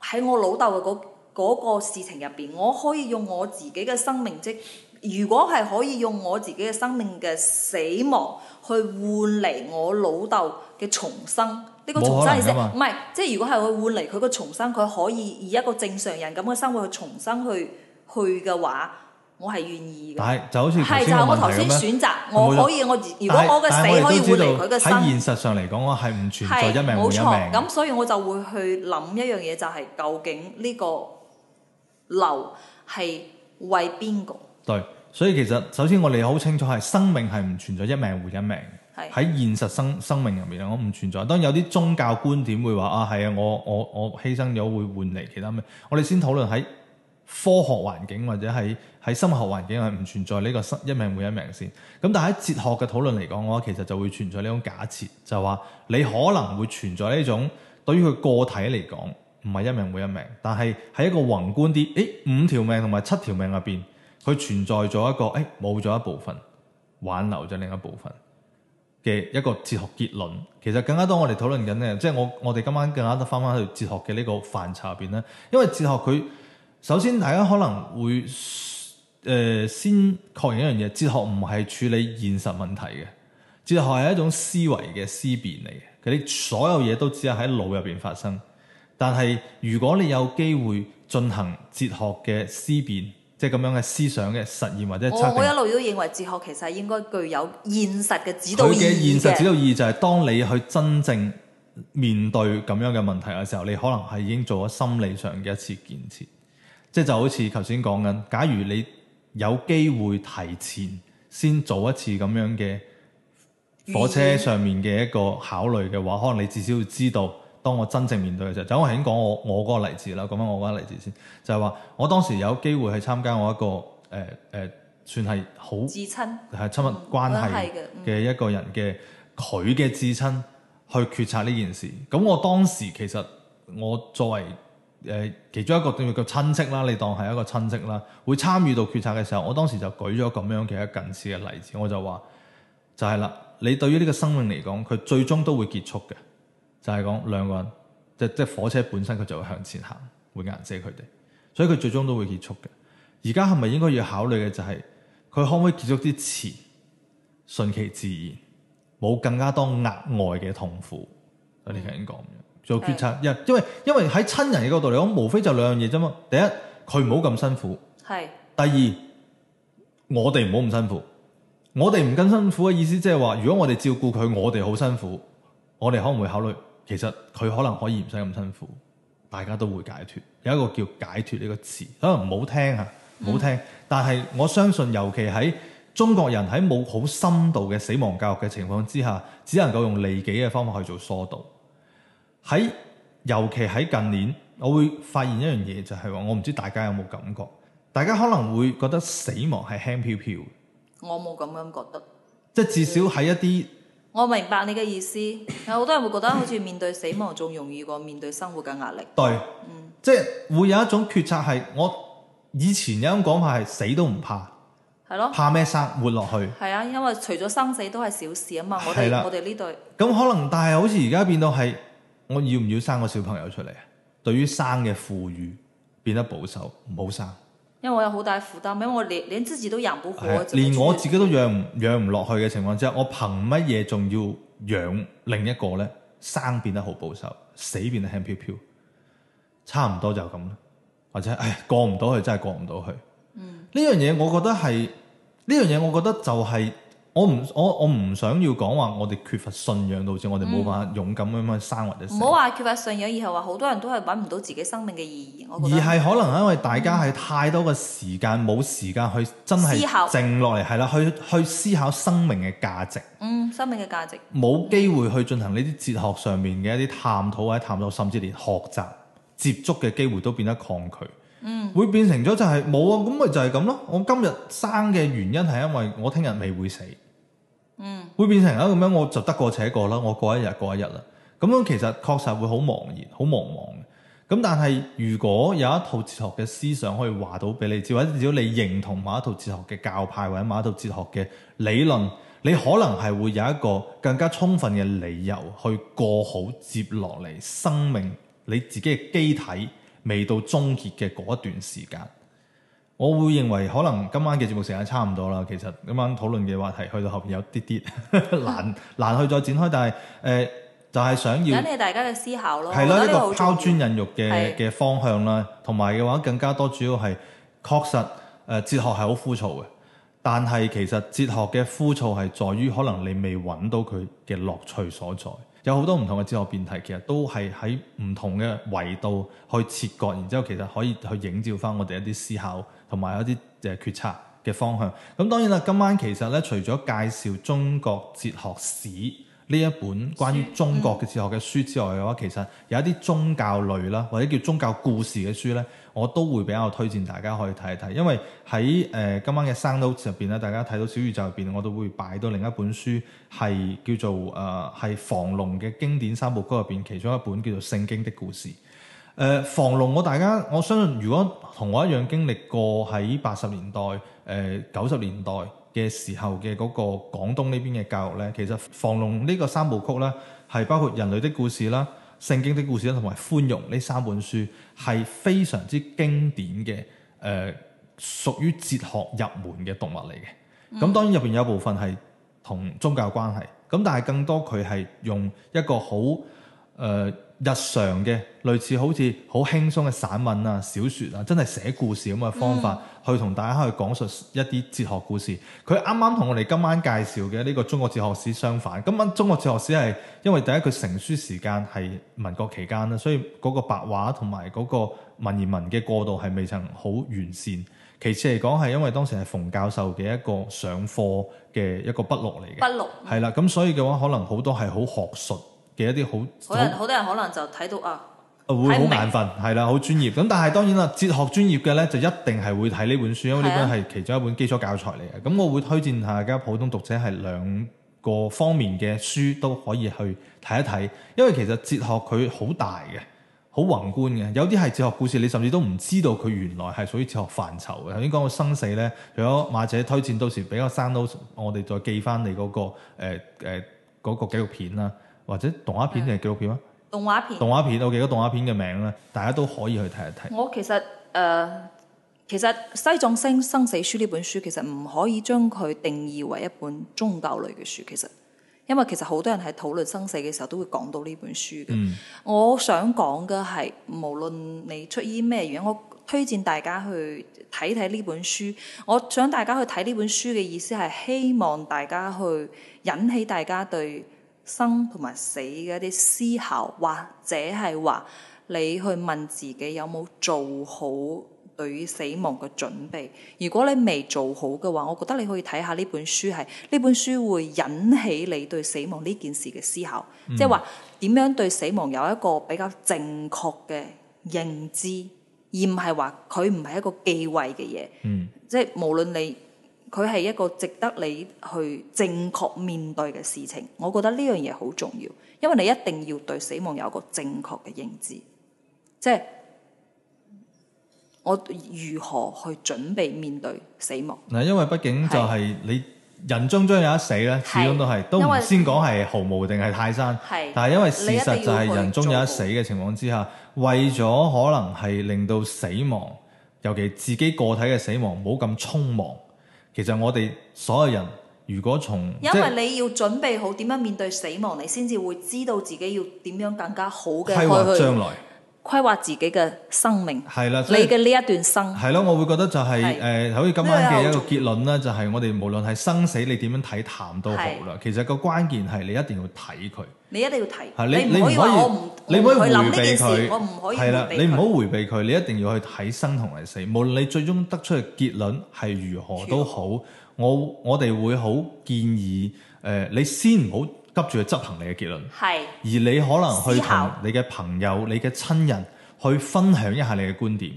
[SPEAKER 2] 喺我老豆嘅嗰個事情入邊，我可以用我自己嘅生命即如果係可以用我自己嘅生命嘅死亡去換嚟我老豆嘅重生，呢個重生意思，唔係即係如果係去換嚟佢嘅重生，佢可以以一個正常人咁嘅生活去重生去去嘅話。我係願
[SPEAKER 1] 意嘅，係就好似的。就我頭先題選擇，我可以我如果但我嘅死可以換嚟佢嘅生。喺現實上嚟講，我係唔存在一命換一命。咁
[SPEAKER 2] 所以我就會去諗一樣嘢，就係、是、究竟呢個留係為邊個？
[SPEAKER 1] 對，所以其實首先我哋好清楚係生命係唔存在一命換一命。係喺的現實生生命入面，我唔存在。當然有啲宗教觀點會話啊，係啊，我我我犧牲咗會換嚟其他命？我哋先討論喺。科學環境或者喺喺心學環境係唔存在呢個失一命換一命先，咁但喺哲學嘅討論嚟講嘅話，其實就會存在呢種假設，就話、是、你可能會存在呢種對於佢個體嚟講唔係一命換一命，但係喺一個宏觀啲，誒、欸、五條命同埋七條命入邊，佢存在咗一個誒冇咗一部分，挽留咗另一部分嘅一個哲學結論。其實更加多我哋討論緊呢，即、就、係、是、我我哋今晚更加都返返去哲學嘅呢個範疇入邊咧，因為哲學佢。首先，大家可能會誒、呃、先確認一樣嘢，哲學唔係處理現實問題嘅。哲學係一種思維嘅思辨嚟嘅，佢啲所有嘢都只係喺腦入邊發生。但係如果你有機會進行哲學嘅思辨，即係咁樣嘅思想嘅實驗或者我，我一路
[SPEAKER 2] 都認為哲學其實應該具有現實嘅指導意義嘅。佢嘅現實指
[SPEAKER 1] 導意義就係、是、當你去真正面對咁樣嘅問題嘅時候，你可能係已經做咗心理上嘅一次建設。即就好似頭先講緊，假如你有機會提前先做一次咁樣嘅
[SPEAKER 3] 火車上
[SPEAKER 1] 面嘅一個考慮嘅話，言可能你至少要知道，當我真正面對嘅時候。就已經講我頭先講我我嗰個例子啦，講返我嗰個例子先，就係、是、話我當時有機會去參加我一個誒誒、呃呃，算係好至親，係親親密、嗯、關係嘅一個人嘅佢嘅至親去決策呢件事。咁、嗯、我當時其實我作為誒，其中一個叫親戚啦，你當係一個親戚啦，會參與到決策嘅時候，我當時就舉咗咁樣嘅一個近似嘅例子，我就話就係啦，你對於呢個生命嚟講，佢最終都會結束嘅，就係講兩個人，即即火車本身佢就會向前行，會壓死佢哋，所以佢最終都會結束嘅。而家係咪應該要考慮嘅就係佢可唔可以結束啲遲，順其自然，冇更加多額外嘅痛苦？我哋頭先講嘅。做決策，因為因為因為喺親人嘅角度嚟講，無非就兩樣嘢啫嘛。第一，佢唔好咁辛苦，
[SPEAKER 2] 是
[SPEAKER 1] 第二，我哋唔好咁辛苦。我哋唔咁辛苦嘅意思，即係話，如果我哋照顧佢，我哋好辛苦，我哋可能會考慮，其實佢可能可以唔使咁辛苦，大家都會解脫。有一個叫解脫呢個詞，可能唔好聽嚇、啊，唔好聽。嗯、但係我相信，尤其喺中國人喺冇好深度嘅死亡教育嘅情況之下，只能夠用利己嘅方法去做疏導。喺尤其喺近年，我會發現一樣嘢就係、是、話，我唔知大家有冇感覺，大家可能會覺得死亡係輕飄飄。
[SPEAKER 2] 我冇咁樣覺得，
[SPEAKER 1] 即係至少喺一啲。
[SPEAKER 2] 我明白你嘅意思，有好多人會覺得好似面對死亡仲容易過面對生活嘅壓力。
[SPEAKER 1] 對，即係 會有一種決策係，我以前有一種講法係死都唔怕，
[SPEAKER 2] 係咯、嗯？
[SPEAKER 1] 怕咩生活落去？
[SPEAKER 2] 係啊，因為除咗生死都係小事啊嘛。我哋的我哋呢代
[SPEAKER 1] 咁可能但，但係好似而家變到係。我要唔要生個小朋友出嚟啊？對於生嘅富裕變得保守，唔好生。
[SPEAKER 2] 因為我有好大負擔，因為我連連自己都養唔活。係，連
[SPEAKER 1] 我自己都養唔養唔落去嘅情況之下，我憑乜嘢仲要養另一個呢？生變得好保守，死變得輕飄飄，差唔多就咁啦。或者唉、哎，過唔到去真係過唔到去。去嗯，呢樣嘢我覺得係，呢樣嘢我覺得就係、是。我唔我我唔想要講話，我哋缺乏信仰導致我哋冇辦法勇敢咁樣生活。唔好
[SPEAKER 2] 話缺乏信仰，嗯、信仰以後話好多人都係揾唔到自己生命嘅意義。
[SPEAKER 1] 而係可能係因為大家係太多嘅時間，冇、嗯、時間去真係靜落嚟，係啦，去去思考生命嘅價值。嗯，
[SPEAKER 2] 生命嘅價值。
[SPEAKER 1] 冇機會去進行呢啲哲學上面嘅一啲探討或者探討，甚至連學習接觸嘅機會都變得抗拒。嗯，會變成咗就係、是、冇啊，咁咪就係咁咯。我今日生嘅原因係因為我聽日未會死。嗯，會變成啊咁樣，我就得過且過啦，我過一日過一日啦。咁樣其實確實會好茫然，好茫茫嘅。咁但係，如果有一套哲學嘅思想可以話到俾你知，或者至少你認同某一套哲學嘅教派，或者某一套哲學嘅理論，你可能係會有一個更加充分嘅理由去過好接落嚟生命你自己嘅機體未到終結嘅嗰一段時間。我會認為可能今晚嘅節目時間差唔多啦。其實今晚討論嘅話題去到後邊有啲啲 難、啊、難去再展開，但係誒、呃、就係、是、想要等你
[SPEAKER 2] 大家嘅思考咯，係咯的一個拋
[SPEAKER 1] 磚引玉嘅嘅的方向啦。同埋嘅話更加多主要係確實誒哲學係好枯燥嘅，但係其實哲學嘅枯燥係在於可能你未揾到佢嘅樂趣所在。有好多唔同嘅哲學辯題，其實都係喺唔同嘅維度去切割，然之後其實可以去映照翻我哋一啲思考。同埋有啲誒決策嘅方向。咁當然啦，今晚其實咧，除咗介紹中國哲學史呢一本關於中國嘅哲學嘅書之外嘅話，嗯、其實有一啲宗教類啦，或者叫宗教故事嘅書咧，我都會比較推薦大家可以睇一睇。因為喺誒、呃、今晚嘅 shownotes 入邊咧，大家睇到小宇宙入邊，我都會擺到另一本書，係叫做誒係、呃、房龍嘅經典三部曲入邊其中一本叫做《聖經的故事》。誒房、呃、龍，我大家我相信，如果同我一樣經歷過喺八十年代、誒九十年代嘅時候嘅嗰個廣東呢邊嘅教育呢，其實房龍呢個三部曲呢，係包括人類的故事啦、聖經的故事啦，同埋寬容呢三本書，係非常之經典嘅誒、呃，屬於哲學入門嘅讀物嚟嘅。咁、嗯、當然入邊有部分係同宗教關係，咁但係更多佢係用一個好誒、呃日常嘅類似好似好輕鬆嘅散文啊、小説啊，真係寫故事咁嘅方法、嗯、去同大家去講述一啲哲學故事。佢啱啱同我哋今晚介紹嘅呢個中國哲學史相反。今晚中國哲學史係因為第一個成書時間係民國期間啦，所以嗰個白話同埋嗰個文言文嘅過渡係未曾好完善。其次嚟講係因為當時係馮教授嘅一個上課嘅一個筆錄嚟嘅，筆錄係啦，咁所以嘅話可能好多係好學術。嘅一啲好，好多
[SPEAKER 2] 人可能就睇到
[SPEAKER 1] 啊，會好眼瞓，係啦美，好專業。咁但係當然啦，哲學專業嘅呢就一定係會睇呢本書，因為呢本係其中一本基礎教材嚟嘅。咁的我會推薦下大家普通讀者係兩個方面嘅書都可以去睇一睇，因為其實哲學佢好大嘅，好宏觀嘅。有啲係哲學故事，你甚至都唔知道佢原來係屬於哲學範疇嘅。頭先講到生死呢，如果馬姐推薦到時比較生到，我哋再寄翻你嗰、那個誒誒嗰個紀錄片啦。或者動畫片定係紀錄片啊？
[SPEAKER 2] 動畫片。動畫
[SPEAKER 1] 片，我記得動畫片嘅名咧？大家都可以去睇一睇。
[SPEAKER 2] 我其實誒、呃，其實《西藏生死書》呢本書其實唔可以將佢定義為一本宗教類嘅書，其實因為其實好多人喺討論生死嘅時候都會講到呢本書嘅。嗯、我想講嘅係，無論你出於咩原因，我推薦大家去睇睇呢本書。我想大家去睇呢本書嘅意思係希望大家去引起大家對。生同埋死嘅一啲思考，或者係話，你去問自己有冇做好對於死亡嘅準備。如果你未做好嘅話，我覺得你可以睇下呢本書，係呢本書會引起你對死亡呢件事嘅思考，嗯、即係話點樣對死亡有一個比較正確嘅認知，而唔係話，佢唔係一個忌諱嘅嘢。嗯、即係無論你。佢係一個值得你去正確面對嘅事情。我覺得呢樣嘢好重要，因為你一定要對死亡有一個正確嘅認知，即係我如何去準備面對死亡
[SPEAKER 1] 嗱。因為畢竟就係你人終將有一死咧，始終都係是都唔先講係毫無定係泰山，是但係因為事實就係人終有一死嘅情況之下，為咗可能係令到死亡，尤其自己個體嘅死亡，冇咁匆忙。其實我哋所有人，如果從，因為即你
[SPEAKER 2] 要準備好點樣面對死亡，你先至會知道自己要點樣更加好嘅去去將來。規劃自己嘅生命，係啦，你嘅呢一段生係
[SPEAKER 1] 咯，我會覺得就係誒，好似今晚嘅一個結論啦，就係我哋無論係生死，你點樣睇淡都好啦。其實個關鍵係你一定要睇佢，
[SPEAKER 2] 你一定要睇，你唔可以，你唔可以回避佢，係啦，你唔
[SPEAKER 1] 好回避佢，你一定要去睇生同埋死。無論你最終得出嘅結論係如何都好，我我哋會好建議誒，你先唔好。急住去執行你嘅結論，是而你可能去同你嘅朋友、考你嘅親人去分享一下你嘅觀點，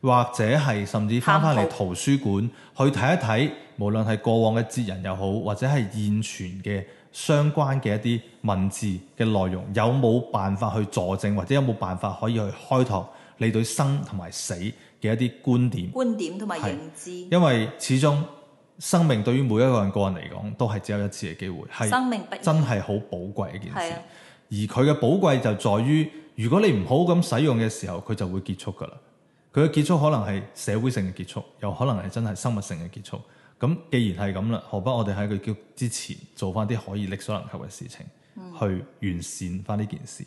[SPEAKER 1] 或者係甚至返返嚟圖書館去睇一睇，無論係過往嘅哲人又好，或者係現存嘅相關嘅一啲文字嘅內容，有冇辦法去佐證，或者有冇辦法可以去開拓你對生同埋死嘅一啲觀點、
[SPEAKER 2] 觀點同埋認知，
[SPEAKER 1] 因為始終。生命對於每一個人個人嚟講，都係只有一次嘅機會，係真係好寶貴一件事。的而佢嘅寶貴就在於，如果你唔好咁使用嘅時候，佢就會結束㗎啦。佢嘅結束可能係社會性嘅結束，又可能係真係生物性嘅結束。咁既然係咁啦，何不我哋喺佢叫之前做翻啲可以力所能及嘅事情，嗯、去完善翻呢件事。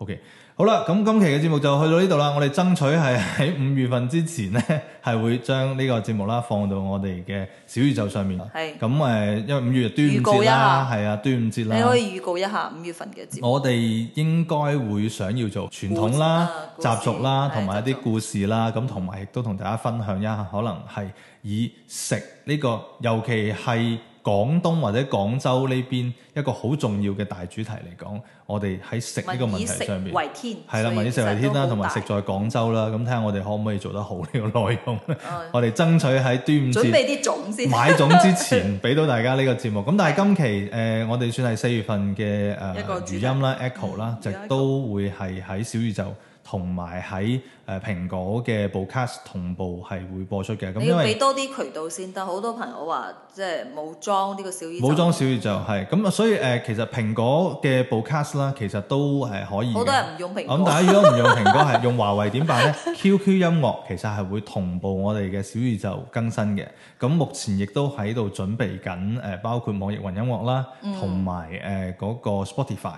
[SPEAKER 1] O.K. 好啦，咁今期嘅節目就去到呢度啦。我哋爭取係喺五月份之前呢，係會將呢個節目啦放到我哋嘅小宇宙上面。係是。咁誒、嗯，因為五月係端午節啦，係啊，端午節啦。你可以預
[SPEAKER 2] 告一下五月份嘅節目。
[SPEAKER 1] 我哋應該會想要做傳統啦、啊、習俗啦，同埋一啲故事啦。咁同埋亦都同大家分享一下，可能係以食呢、這個，尤其係，廣東或者廣州呢邊一個好重要嘅大主題嚟講，我哋喺食呢個問題上面，
[SPEAKER 2] 係啦，民以食為天啦，同埋食
[SPEAKER 1] 在廣州啦，咁睇下我哋可唔可以做得好呢個內容？哎、我哋爭取喺端午節種
[SPEAKER 2] 買粽之前，
[SPEAKER 1] 俾到 大家呢個節目。咁但係今期誒、呃，我哋算係四月份嘅誒餘音啦、echo 啦，嗯、就都會係喺小宇宙。同埋喺誒蘋果嘅播 cast 同步係會播出嘅，咁因要俾多
[SPEAKER 2] 啲渠道先得。好為多朋友話即係冇裝呢個小宇宙，冇裝
[SPEAKER 1] 小宇宙係咁啊。嗯、所以誒、呃，其實蘋果嘅播 cast 啦，其實都係可以。好多人
[SPEAKER 3] 唔用蘋果，咁大家如果唔用蘋果係
[SPEAKER 1] 用華為點辦咧？QQ 音樂其實係會同步我哋嘅小宇宙更新嘅。咁目前亦都喺度準備緊誒，包括網易雲音樂啦，同埋誒嗰個 Spotify，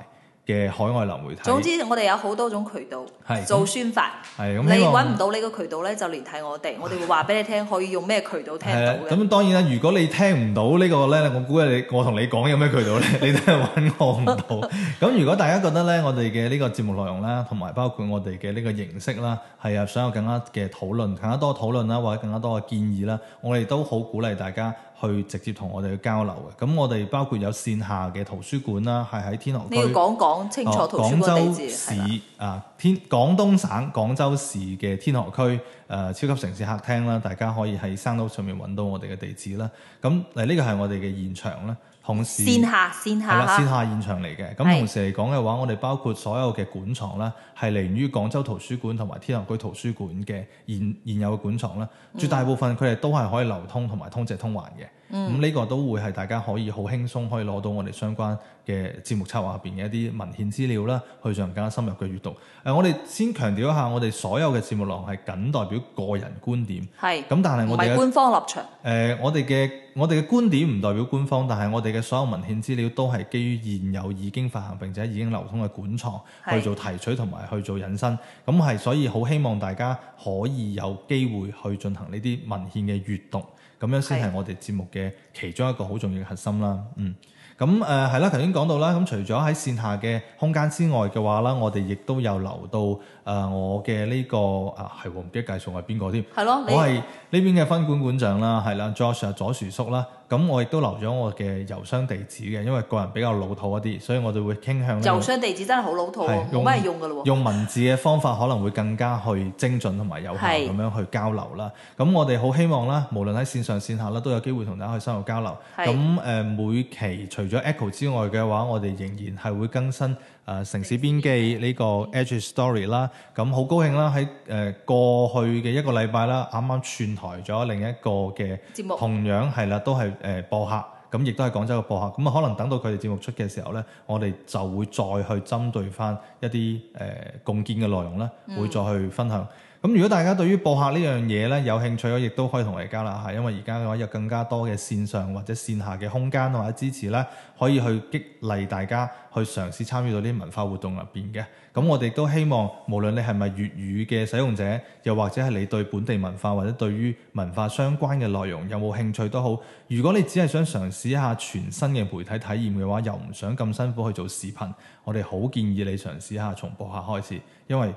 [SPEAKER 1] 嘅海外流媒體，總之
[SPEAKER 2] 我哋有好多種渠道是做宣發，
[SPEAKER 1] 嗯、你揾唔到
[SPEAKER 2] 呢個渠道咧，就聯繫我哋，我哋會話俾你聽可以用咩渠道聽到
[SPEAKER 1] 嘅。咁當然啦，如果你聽唔到呢、這個咧，我估計你我同你講有咩渠道咧， 你都係揾我唔到。咁 如果大家覺得咧，我哋嘅呢個節目內容啦，同埋包括我哋嘅呢個形式啦，係啊，想有更加嘅討論，更加多討論啦，或者更加多嘅建議啦，我哋都好鼓勵大家。去直接同我哋去交流嘅，咁我哋包括有線下嘅圖書館啦，係喺天河區。你要講講
[SPEAKER 2] 清楚圖書館地址。哦、廣
[SPEAKER 1] 州市啊，天廣東省廣州市嘅天河區誒、呃、超級城市客廳啦，大家可以喺生到上面揾到我哋嘅地址啦。咁誒呢個係我哋嘅現場啦。同時
[SPEAKER 2] 線下係啦，線下，了線下
[SPEAKER 1] 現場嚟嘅。咁呵同時嚟講嘅話，我哋包括所有嘅館藏啦，係嚟源於廣州圖書館同埋天河區圖書館嘅現現有嘅館藏啦，絕、嗯、大部分佢哋都係可以流通同埋通借通還嘅。咁呢、嗯、個都會係大家可以好輕鬆可以攞到我哋相關嘅節目策劃入邊嘅一啲文獻資料啦，去進行更加深入嘅閱讀。誒、呃，我哋先強調一下，我哋所有嘅節目內容係僅代表個人觀點。係是。咁但係我哋嘅唔係官方立場。誒、呃，我哋嘅我哋嘅觀點唔代表官方，但係我哋嘅所有文獻資料都係基於現有已經發行並且已經流通嘅館藏去做提取同埋去做引申。咁係是，嗯、所以好希望大家可以有機會去進行呢啲文獻嘅閱讀。咁樣先係我哋節目嘅其中一個好重要嘅核心啦，嗯，咁誒係啦，頭先講到啦，咁、嗯、除咗喺線下嘅空間之外嘅話啦，我哋亦都有留到。誒、呃、我嘅呢、這個啊係我唔記得介紹係邊個添，我係呢、啊、 邊嘅分管管長啦，係啦、啊、Josh 啊左樹叔啦，咁、嗯、我亦都留咗我嘅郵箱地址嘅，因為個人比較老土一啲，所以我哋會傾向咧，郵箱
[SPEAKER 2] 地址真係好老土、啊、用咩用噶嘞喎。用
[SPEAKER 1] 文字嘅方法可能會更加去精準同埋有效咁樣去交流啦。咁 是、嗯、我哋好希望啦，無論喺線上線下啦，都有機會同大家去深入交流。咁誒 是、嗯呃、每期除咗 Echo 之外嘅話，我哋仍然係會更新。誒、呃、城市編記呢個 Edge Story 啦、嗯，咁好高興啦！喺誒、呃、過去嘅一個禮拜啦，啱啱串台咗另一個嘅節目，同樣係啦，都係誒、呃、播客，咁亦都係廣州嘅播客。咁啊，可能等到佢哋節目出嘅時候咧，我哋就會再去針對翻一啲誒、呃、共建嘅內容啦，嗯、會再去分享。咁如果大家對於播客呢樣嘢呢，有興趣嘅，亦都可以同我哋交流吓，因為而家嘅話有更加多嘅線上或者線下嘅空間或者支持咧，可以去激勵大家去嘗試參與到啲文化活動入邊嘅。咁我哋都希望，無論你係咪粵語嘅使用者，又或者係你對本地文化或者對於文化相關嘅內容有冇興趣都好，如果你只係想嘗試一下全新嘅媒體體驗嘅話，又唔想咁辛苦去做視頻，我哋好建議你嘗試下從播客開始，因為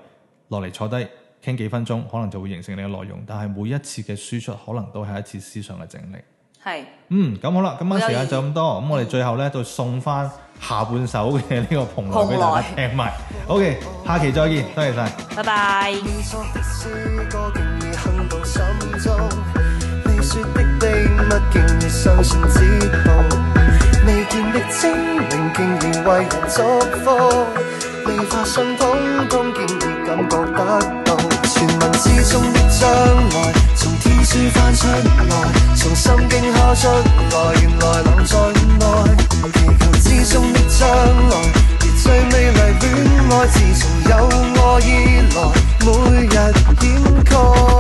[SPEAKER 1] 落嚟坐低，傾幾分鐘，可能就會形成你嘅內容，但係每一次嘅輸出，可能都係一次思想嘅整理。
[SPEAKER 2] 係是，
[SPEAKER 1] 嗯，咁好啦，今晚時間就咁多，咁以我哋最後咧，嗯、就送翻下半首嘅呢個蓬《蓬萊》俾大家聽
[SPEAKER 3] 埋。OK，下期再見，多 謝晒謝，拜拜。傳聞之中的將來，從天書翻出來，從心經敲出來，原來藏在戀愛。祈求之中的將來，而最美麗戀愛，自從有我以來，每日掩蓋。